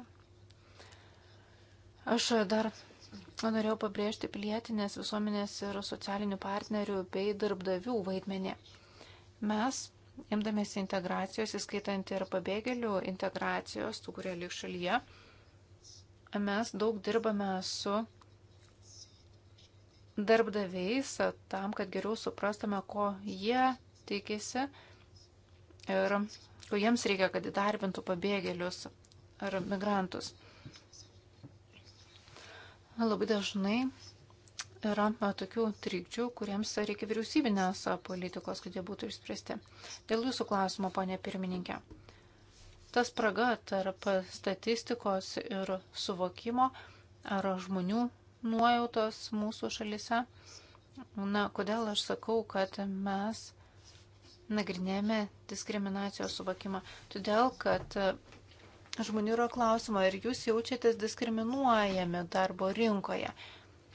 Aš dar norėjau pabrėžti pilietinės visuomenės ir socialinių partnerių bei darbdavių vaidmenį. Mes imdamėsi integracijos, įskaitant ir pabėgėlių integracijos, tų, kurie lik šalyje, mes daug dirbame su darbdaviais tam, kad geriau suprastume, ko jie tikisi ir ko jiems reikia, kad įdarbintų pabėgėlius ar migrantus. Labai dažnai yra na, tokių trikdžių, kuriems reikia vyriausybinės politikos, kad jie būtų išspręsti. Dėl jūsų klausimo, ponė pirmininkė. Ta spraga tarp statistikos ir suvokimo ar žmonių nuojautos mūsų šalise. Na, kodėl aš sakau, kad mes nagrinėjame diskriminacijos suvokimą? Todėl, kad žmonių yra klausimo, ar jūs jaučiatės diskriminuojami darbo rinkoje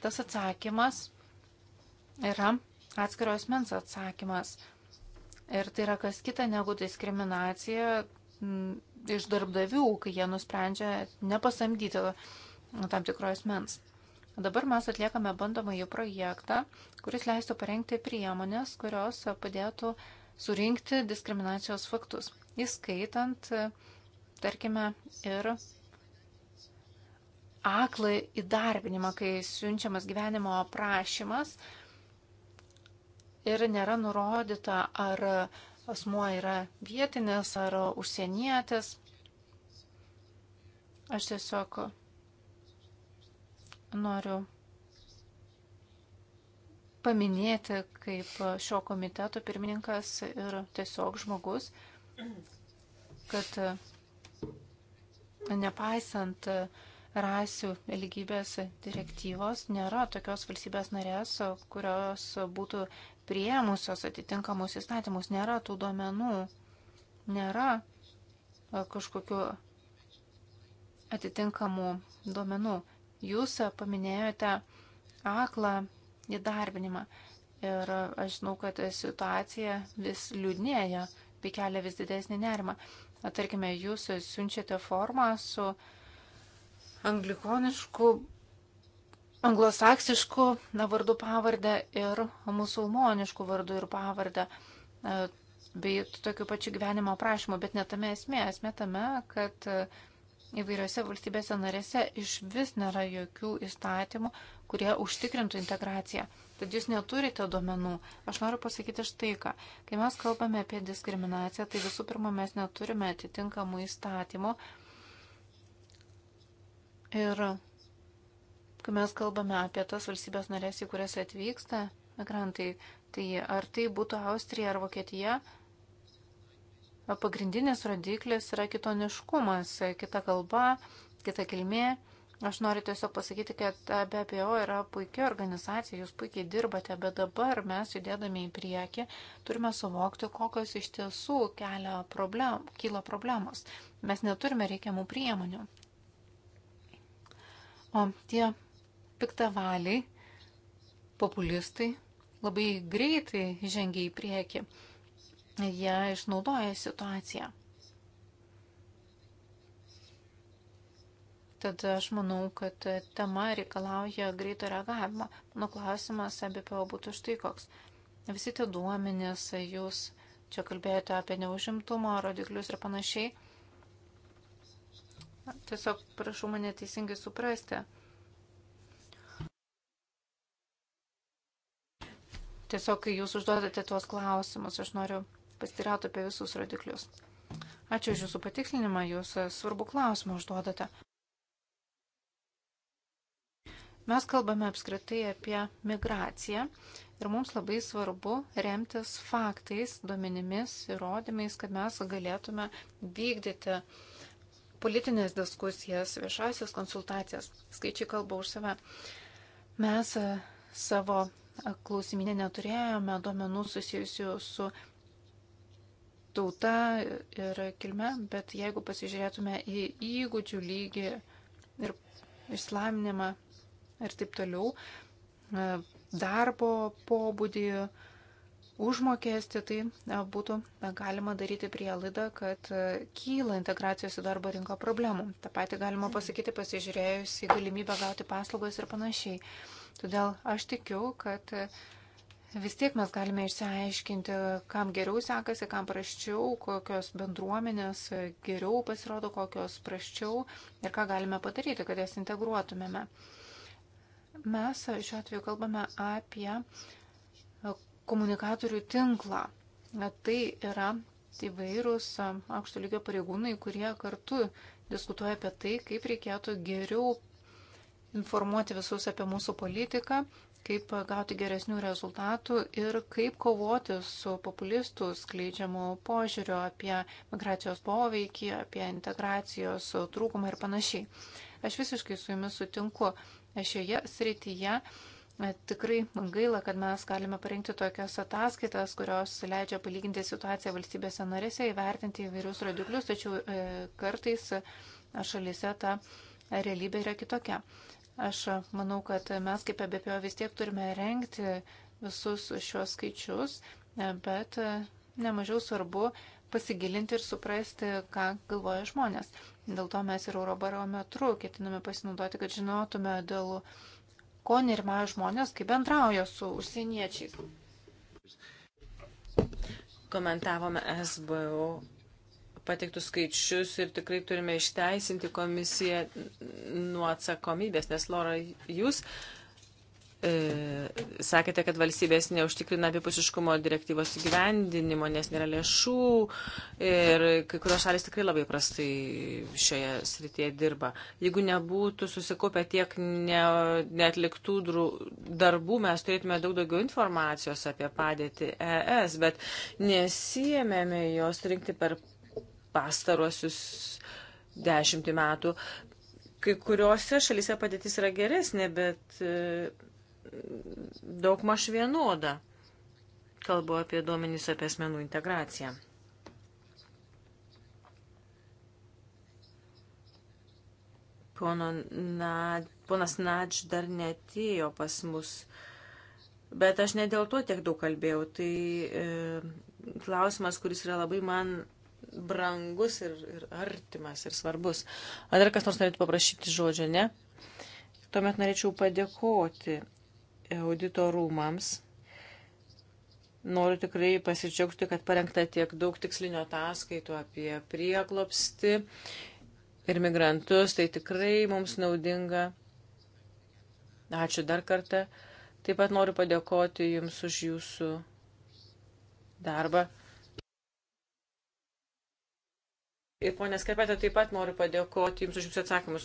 tas atsakymas yra atskiro asmens atsakymas. Ir tai yra kas kita negu diskriminacija mm, iš darbdavių, kai jie nusprendžia nepasamdyti tam tikro asmens. Dabar mes atliekame bandomąjį projektą, kuris leistų parengti priemonės, kurios padėtų surinkti diskriminacijos faktus, įskaitant, tarkime, ir aklą įdarbinimą, kai siunčiamas gyvenimo aprašymas ir nėra nurodyta, ar asmuo yra vietinis ar užsienietis. Aš tiesiog noriu paminėti kaip šio komiteto pirmininkas ir tiesiog žmogus, kad nepaisant uh, rasių lygybės direktyvos nėra tokios valstybės narės, kurios būtų prieimusios atitinkamus įstatymus, nėra tų duomenų, nėra kažkokiu atitinkamų duomenų. Jūs paminėjote aklą įdarbinimą ir aš žinau, kad situacija vis liūdnėja, tai kelia vis didesnį nerimą. Tarkime, jūs siunčiate formą su uh, anglikoniškų, anglosaksiškų vardų pavardę ir musulmoniškų vardų ir pavardę e, bei tokiu pačiu gyvenimo aprašymu, bet netame esmė. Esmė tame, kad e, įvairiose valstybėse narėse iš vis nėra jokių įstatymų, kurie užtikrintų integraciją. Tad jūs neturite duomenų. Aš noriu pasakyti štai ką. Kai mes kalbame apie diskriminaciją, tai visų pirma, mes neturime atitinkamų įstatymų, Ir kai mes kalbame apie tas valstybės narės, į kurias atvyksta migrantai, tai ar tai būtų Austrija ar Vokietija, pagrindinės rodiklis yra kitoniškumas, kita kalba, kita kilmė. Aš noriu tiesiog pasakyti, kad BPO yra puikia organizacija, jūs puikiai dirbate, bet dabar mes judėdami į priekį turime suvokti, kokios iš tiesų kelia problem, kyla problemos. Mes neturime reikiamų priemonių. O tie piktavaliai, populistai labai greitai žengia į priekį. Jie išnaudoja situaciją. Tad aš manau, kad tema reikalauja greito reagavimo. Mano klausimas abipio būtų štai koks. Visi tie duomenys, jūs čia kalbėjote apie neužimtumo rodiklius ir panašiai Na, tiesiog prašau mane teisingai suprasti. Tiesiog, kai jūs užduodate tuos klausimus, aš noriu pastirauti apie visus rodiklius. Ačiū už jūsų patikslinimą, jūs e, svarbu klausimą užduodate. Mes kalbame apskritai apie migraciją ir mums labai svarbu remtis faktais, duomenimis, įrodymais, kad mes galėtume vykdyti uh, politinės diskusijas, viešasias konsultacijas. Skaičiai kalba už save. Mes e, savo e, klausiminė neturėjome duomenų susijusių su tauta ir kilme, bet jeigu pasižiūrėtume į įgūdžių lygį ir išslaminimą ir taip toliau, e, darbo pobūdį, užmokestį, tai e, būtų e, galima daryti prielaidą, kad e, kyla integracijos į darbo rinką problemų. Ta pati galima mhm. pasakyti pasižiūrėjus į galimybę gauti paslaugas ir panašiai. Todėl aš tikiu, kad vis tiek mes galime išsiaiškinti, kam geriau sekasi, kam praščiau, kokios bendruomenės geriau pasirodo, kokios praščiau ir ką galime padaryti, kad jas integruotumėme. Mes šiuo atveju kalbame apie uh, komunikatorių tinklą. Tai yra įvairūs aukšto lygio pareigūnai, kurie kartu diskutuoja apie tai, kaip reikėtų geriau informuoti visus apie mūsų politiką, kaip gauti geresnių rezultatų ir kaip kovoti su populistų skleidžiamu požiūriu apie migracijos poveikį, apie integracijos trūkumą ir panašiai. Aš visiškai su jumis sutinku. Šioje srityje E, tikrai gaila, kad mes galime parengti tokias ataskaitas, kurios leidžia palyginti situaciją valstybėse narėse, įvertinti įvairius rodiklius, tačiau e, kartais e, šalyse ta realybė yra kitokia. Aš manau, kad mes kaip ABPO vis tiek turime renkti visus šios skaičius, bet nemažiau svarbu pasigilinti ir suprasti, ką galvoja žmonės. Dėl to mes ir Eurobarometru ketiname pasinaudoti, kad žinotume dėl ko nerimauja žmonės, kai bendrauja su užsieniečiais.
Komentavome SBO pateiktus skaičius ir tikrai turime išteisinti komisiją nuo atsakomybės, nes Laura, jūs uh, E, sakėte, kad valstybės neužtikrina abipusiškumo direktyvos įgyvendinimo, nes nėra lėšų ir kai kurios šalis tikrai labai prastai šioje srityje dirba. Jeigu nebūtų susikopę tiek ne, netliktų darbų, mes turėtume daug daugiau informacijos apie padėtį ES, bet nesijėmėme jos rinkti per pastaruosius dešimtį metų. Kai kuriuose šalyse padėtis yra geresnė, bet daug maž vienoda. Kalbu apie duomenys apie asmenų integraciją. Pono Nad, ponas Nadž dar netėjo pas mus, bet aš ne dėl to tiek daug kalbėjau. Tai e, klausimas, kuris yra labai man brangus ir, ir artimas ir svarbus. Ar dar kas nors norėtų paprašyti žodžio, ne? Tuomet norėčiau padėkoti audito rūmams. Noriu tikrai pasidžiaugti, kad parengta tiek daug tikslinio ataskaitų apie prieglopsti ir migrantus. Tai tikrai mums naudinga. Ačiū dar kartą. Taip pat noriu padėkoti Jums už Jūsų darbą. Ir ponė Skarpetė, taip pat noriu padėkoti Jums už Jūsų atsakymus.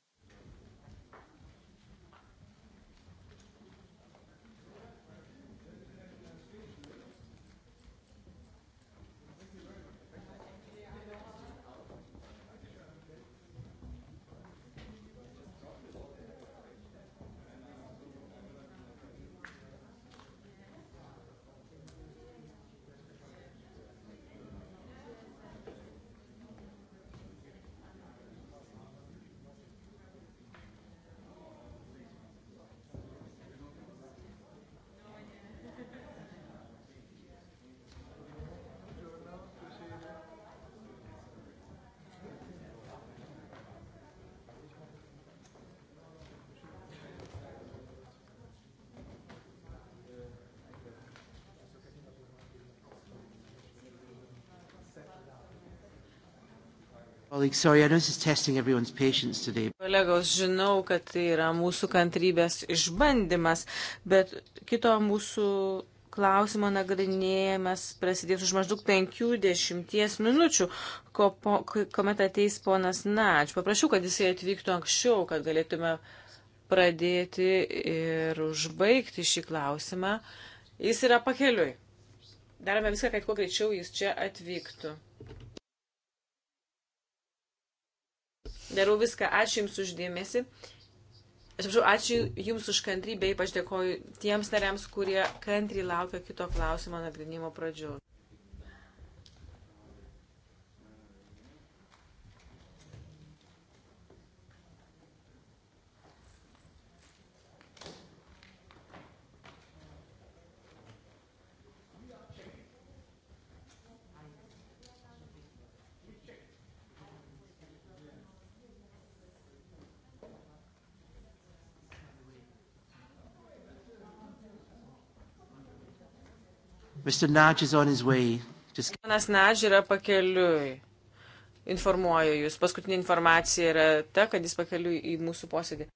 Kolegos,
žinau, kad tai yra mūsų kantrybės išbandymas, bet kito mūsų klausimo nagrinėjimas prasidės už maždaug 50 minučių, ko po, kuomet ateis ponas Nač. Paprašiau, kad jisai atvyktų anksčiau, kad galėtume pradėti ir užbaigti šį klausimą. Jis yra pakeliui. Darome viską, kad kuo greičiau jis čia atvyktų. darau viską. Ačiū Jums uždėmesi. Atsiprašau, ačiū Jums už kantrybę, ypač dėkoju tiems nariams, kurie kantriai laukia kito klausimo nagrinimo pradžio. Just... Ponas Nadž yra pakeliui. Informuoju Jūs. Paskutinė informacija yra ta, kad jis pakeliui į mūsų posėdį.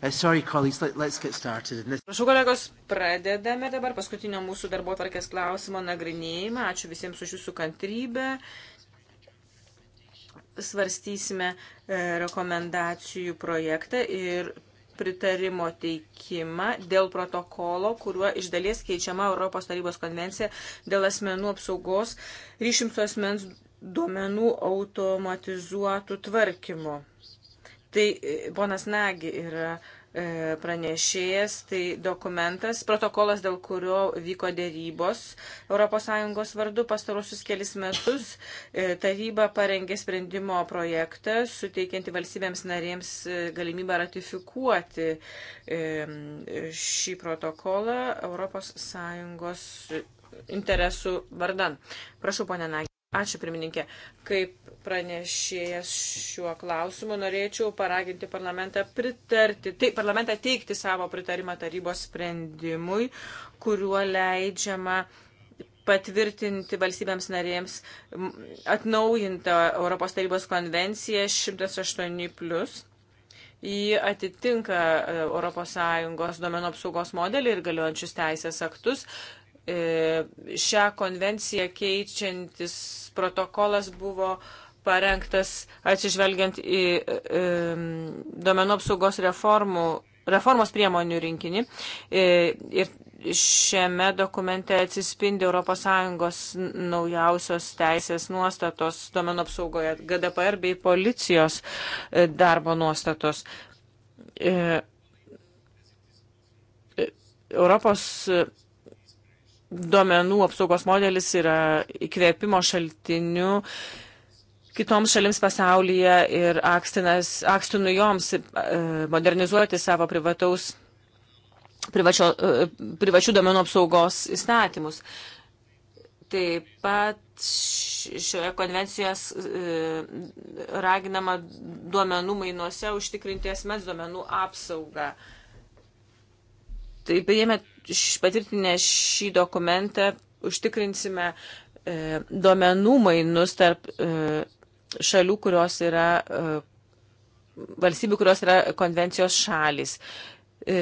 Uh, sorry, colleagues, let, let's get started.
Prašau, kolegos, pradedame dabar paskutinio mūsų darbo tvarkės klausimo nagrinėjimą. Ačiū visiems už jūsų kantrybę. Svarstysime e, rekomendacijų projektą ir pritarimo teikimą dėl protokolo, kuriuo iš dalies keičiama Europos tarybos konvencija dėl asmenų apsaugos ryšim su asmens duomenų automatizuotų tvarkymu. Tai e, ponas Nagi yra e, pranešėjas, tai dokumentas, protokolas, dėl kurio vyko dėrybos ES vardu pastarosius kelis metus. E, taryba parengė sprendimo projektą, suteikianti valstybėms narėms e, galimybę ratifikuoti e, šį protokolą ES interesų vardan. Prašau, ponė Nagi. Ačiū, pirmininkė. Kaip pranešėjas šiuo klausimu. Norėčiau paraginti parlamentą pritarti, tai parlamentą teikti savo pritarimą tarybos sprendimui, kuriuo leidžiama patvirtinti valstybėms narėms atnaujintą Europos tarybos konvenciją 108. Plus. Ji atitinka ES duomenų apsaugos modelį ir galiojančius teisės aktus e, šią konvenciją keičiantis protokolas buvo parengtas atsižvelgiant į e, e duomenų apsaugos reformų, reformos priemonių rinkinį. E, ir šiame dokumente atsispindi ES naujausios teisės nuostatos duomenų apsaugoje GDPR bei policijos e, darbo nuostatos. E, e, Europos duomenų apsaugos modelis yra įkvėpimo šaltiniu kitoms šalims pasaulyje ir akstinas, akstinu joms e, modernizuoti savo privataus, privačio, e, privačių domenų apsaugos įstatymus. Taip pat šioje konvencijos e, raginama duomenų mainuose užtikrinti asmens duomenų apsaugą. Taip, priėmė patvirtinę šį dokumentą, užtikrinsime duomenų mainus tarp šalių, kurios yra, e, valstybių, kurios yra konvencijos šalis. E,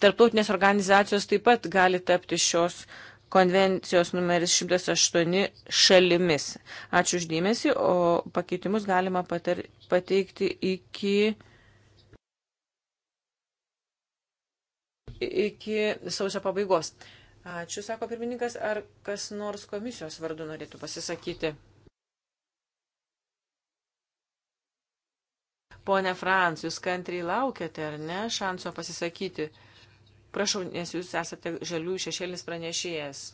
tarptautinės organizacijos taip pat gali tapti šios konvencijos numeris 108 šalimis. Ačiū uždėmesi, o pakeitimus galima patar, pateikti iki, iki sausio pabaigos. Ačiū, sako pirmininkas, ar kas nors komisijos vardu norėtų pasisakyti? Pone Frans, jūs kantriai laukiate, ar ne, šanso pasisakyti? Prašau, nes jūs esate žalių šešėlis pranešėjas.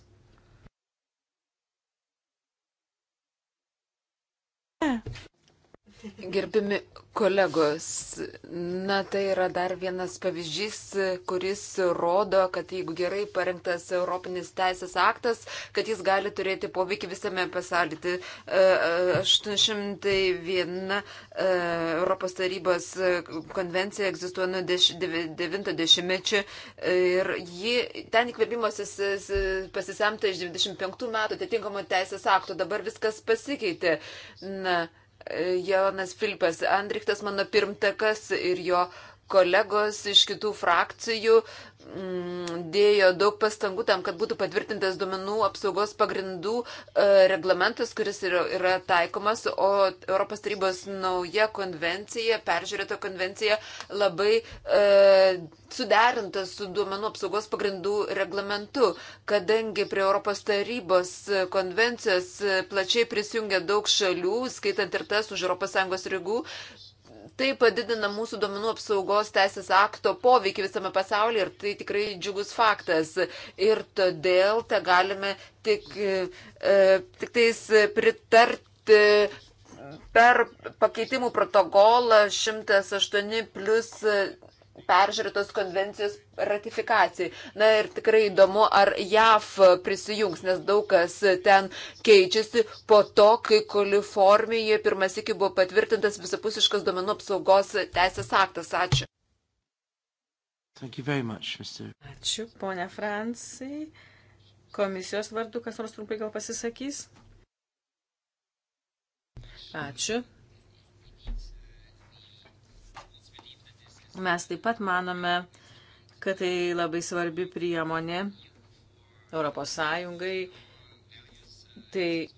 Ne. Gerbimi kolegos, na tai yra dar vienas pavyzdys, kuris rodo, kad jeigu gerai parengtas Europinis teisės aktas, kad jis gali turėti poveikį visame pasaulyje. 801 e, e, e, Europos tarybos konvencija egzistuoja nuo 90-mečio ir ji, ten įkvėpimas pasisemta iš 25 metų atitinkamo teisės akto, dabar viskas pasikeitė. Na, Jonas Filipas Andriktas, mano pirmtakas ir jo kolegos iš kitų frakcijų mm, dėjo daug pastangų tam, kad būtų patvirtintas duomenų apsaugos pagrindų e, reglamentas, kuris yra, yra taikomas, o Europos tarybos nauja konvencija, peržiūrėta konvencija, labai e, suderinta su duomenų apsaugos pagrindų reglamentu, kadangi prie Europos tarybos konvencijos plačiai prisijungia daug šalių, skaitant ir tas už ES rygų, tai padidina mūsų duomenų apsaugos teisės akto poveikį visame pasaulyje ir tai tikrai džiugus faktas. Ir todėl te galime tik, e, e tik tais pritarti per pakeitimų protokolą 108 plus peržiūrėtos konvencijos ratifikacijai. Na ir tikrai įdomu, ar JAV prisijungs, nes daug kas ten keičiasi po to, kai Kalifornijoje pirmas iki buvo patvirtintas visapusiškas domenų apsaugos
teisės aktas. Ačiū.
Much, Mr. Ačiū,
ponia Francijai. Komisijos vardu, kas nors trumpai gal pasisakys? Ačiū. Mes taip pat manome, kad tai labai svarbi priemonė Europos Sąjungai. Tai e,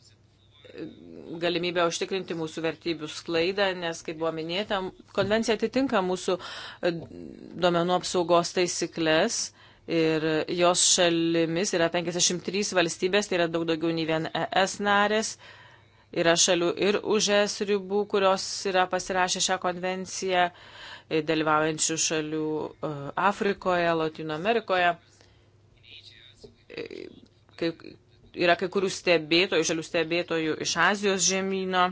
galimybę užtikrinti mūsų vertybių sklaidą, nes, kaip buvo minėta, konvencija atitinka mūsų e, duomenų apsaugos taisyklės ir jos šalimis yra 53 valstybės, tai yra daug daugiau nei vien ES narės. Yra šalių ir už ES ribų, kurios yra pasirašę šią konvenciją. Uh, dalyvaujančių šalių e, Afrikoje, Latino Amerikoje. E, kai, yra kai kurių stebėtojų, šalių stebėtojų iš Azijos žemyno.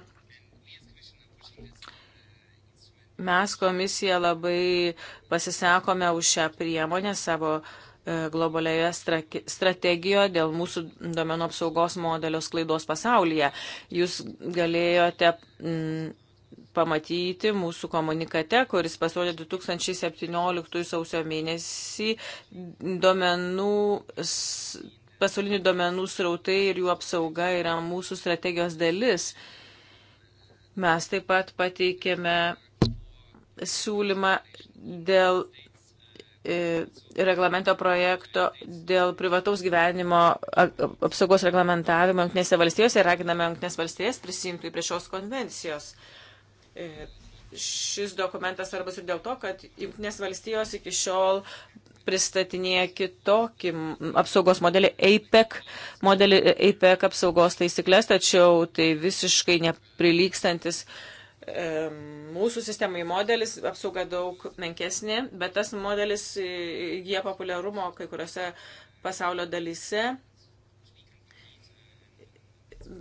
Mes komisija labai pasisakome už šią priemonę savo e, globalioje strategijoje dėl mūsų domenų apsaugos modelio sklaidos pasaulyje. Jūs galėjote. Mm, pamatyti mūsų komunikate, kuris pasirodė 2017 sausio mėnesį duomenų pasaulinių duomenų srautai ir jų apsauga yra mūsų strategijos dalis. Mes taip pat pateikėme siūlymą dėl e, reglamento projekto dėl privataus gyvenimo apsaugos reglamentavimo Junktinėse valstijose ir raginame Junktinės valstijas prisimti prie šios konvencijos. Uh, E, šis dokumentas svarbus ir dėl to, kad Junktinės valstijos iki šiol pristatinėja kitokį apsaugos modelį APEC, modelį APEC apsaugos taisyklės, tačiau tai visiškai neprilykstantis e, mūsų sistemai modelis, apsauga daug menkesnė, bet tas modelis įgyja populiarumo kai kuriuose pasaulio dalyse.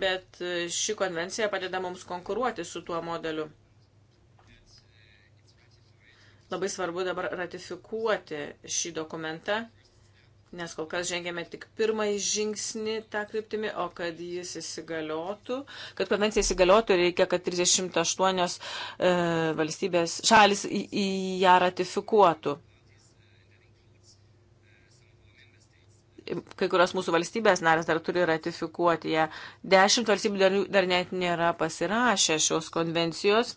Bet ši konvencija padeda mums konkuruoti su tuo modeliu. Labai svarbu dabar ratifikuoti šį dokumentą, nes kol kas žengėme tik pirmąjį žingsnį tą kryptimį, o kad jis įsigaliotų, kad konvencija įsigaliotų, reikia, kad 38 e, valstybės šalis į, į ją ratifikuotų. Kai kurios mūsų valstybės narės dar turi ratifikuoti ją. Dešimt valstybių dar, dar net nėra pasirašę šios konvencijos.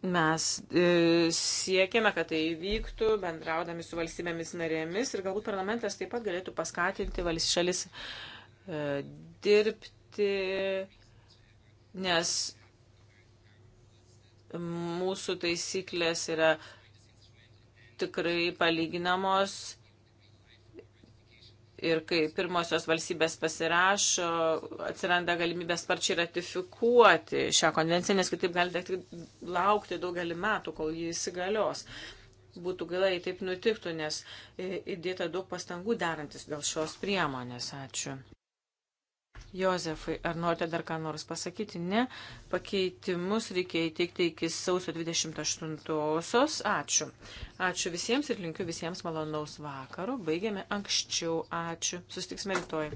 Mes e, siekiame, kad tai įvyktų, bendraudami su valstybėmis narėmis ir galbūt parlamentas taip pat galėtų paskatinti valstybės šalis e, dirbti, nes mūsų taisyklės yra tikrai palyginamos ir kai pirmosios valstybės pasirašo, atsiranda galimybė sparčiai ratifikuoti šią konvenciją, nes kitaip galite tik laukti daugelį metų, kol jį įsigalios. Būtų gaila, jei taip nutiktų, nes įdėta daug pastangų derantis dėl šios priemonės. Ačiū. Jozefai, ar norite dar ką nors pasakyti? Ne. Pakeitimus reikia įteikti iki sausio 28-osios. Ačiū. Ačiū visiems ir linkiu visiems malonaus vakaro. Baigiame anksčiau. Ačiū. Sustiksime rytoj.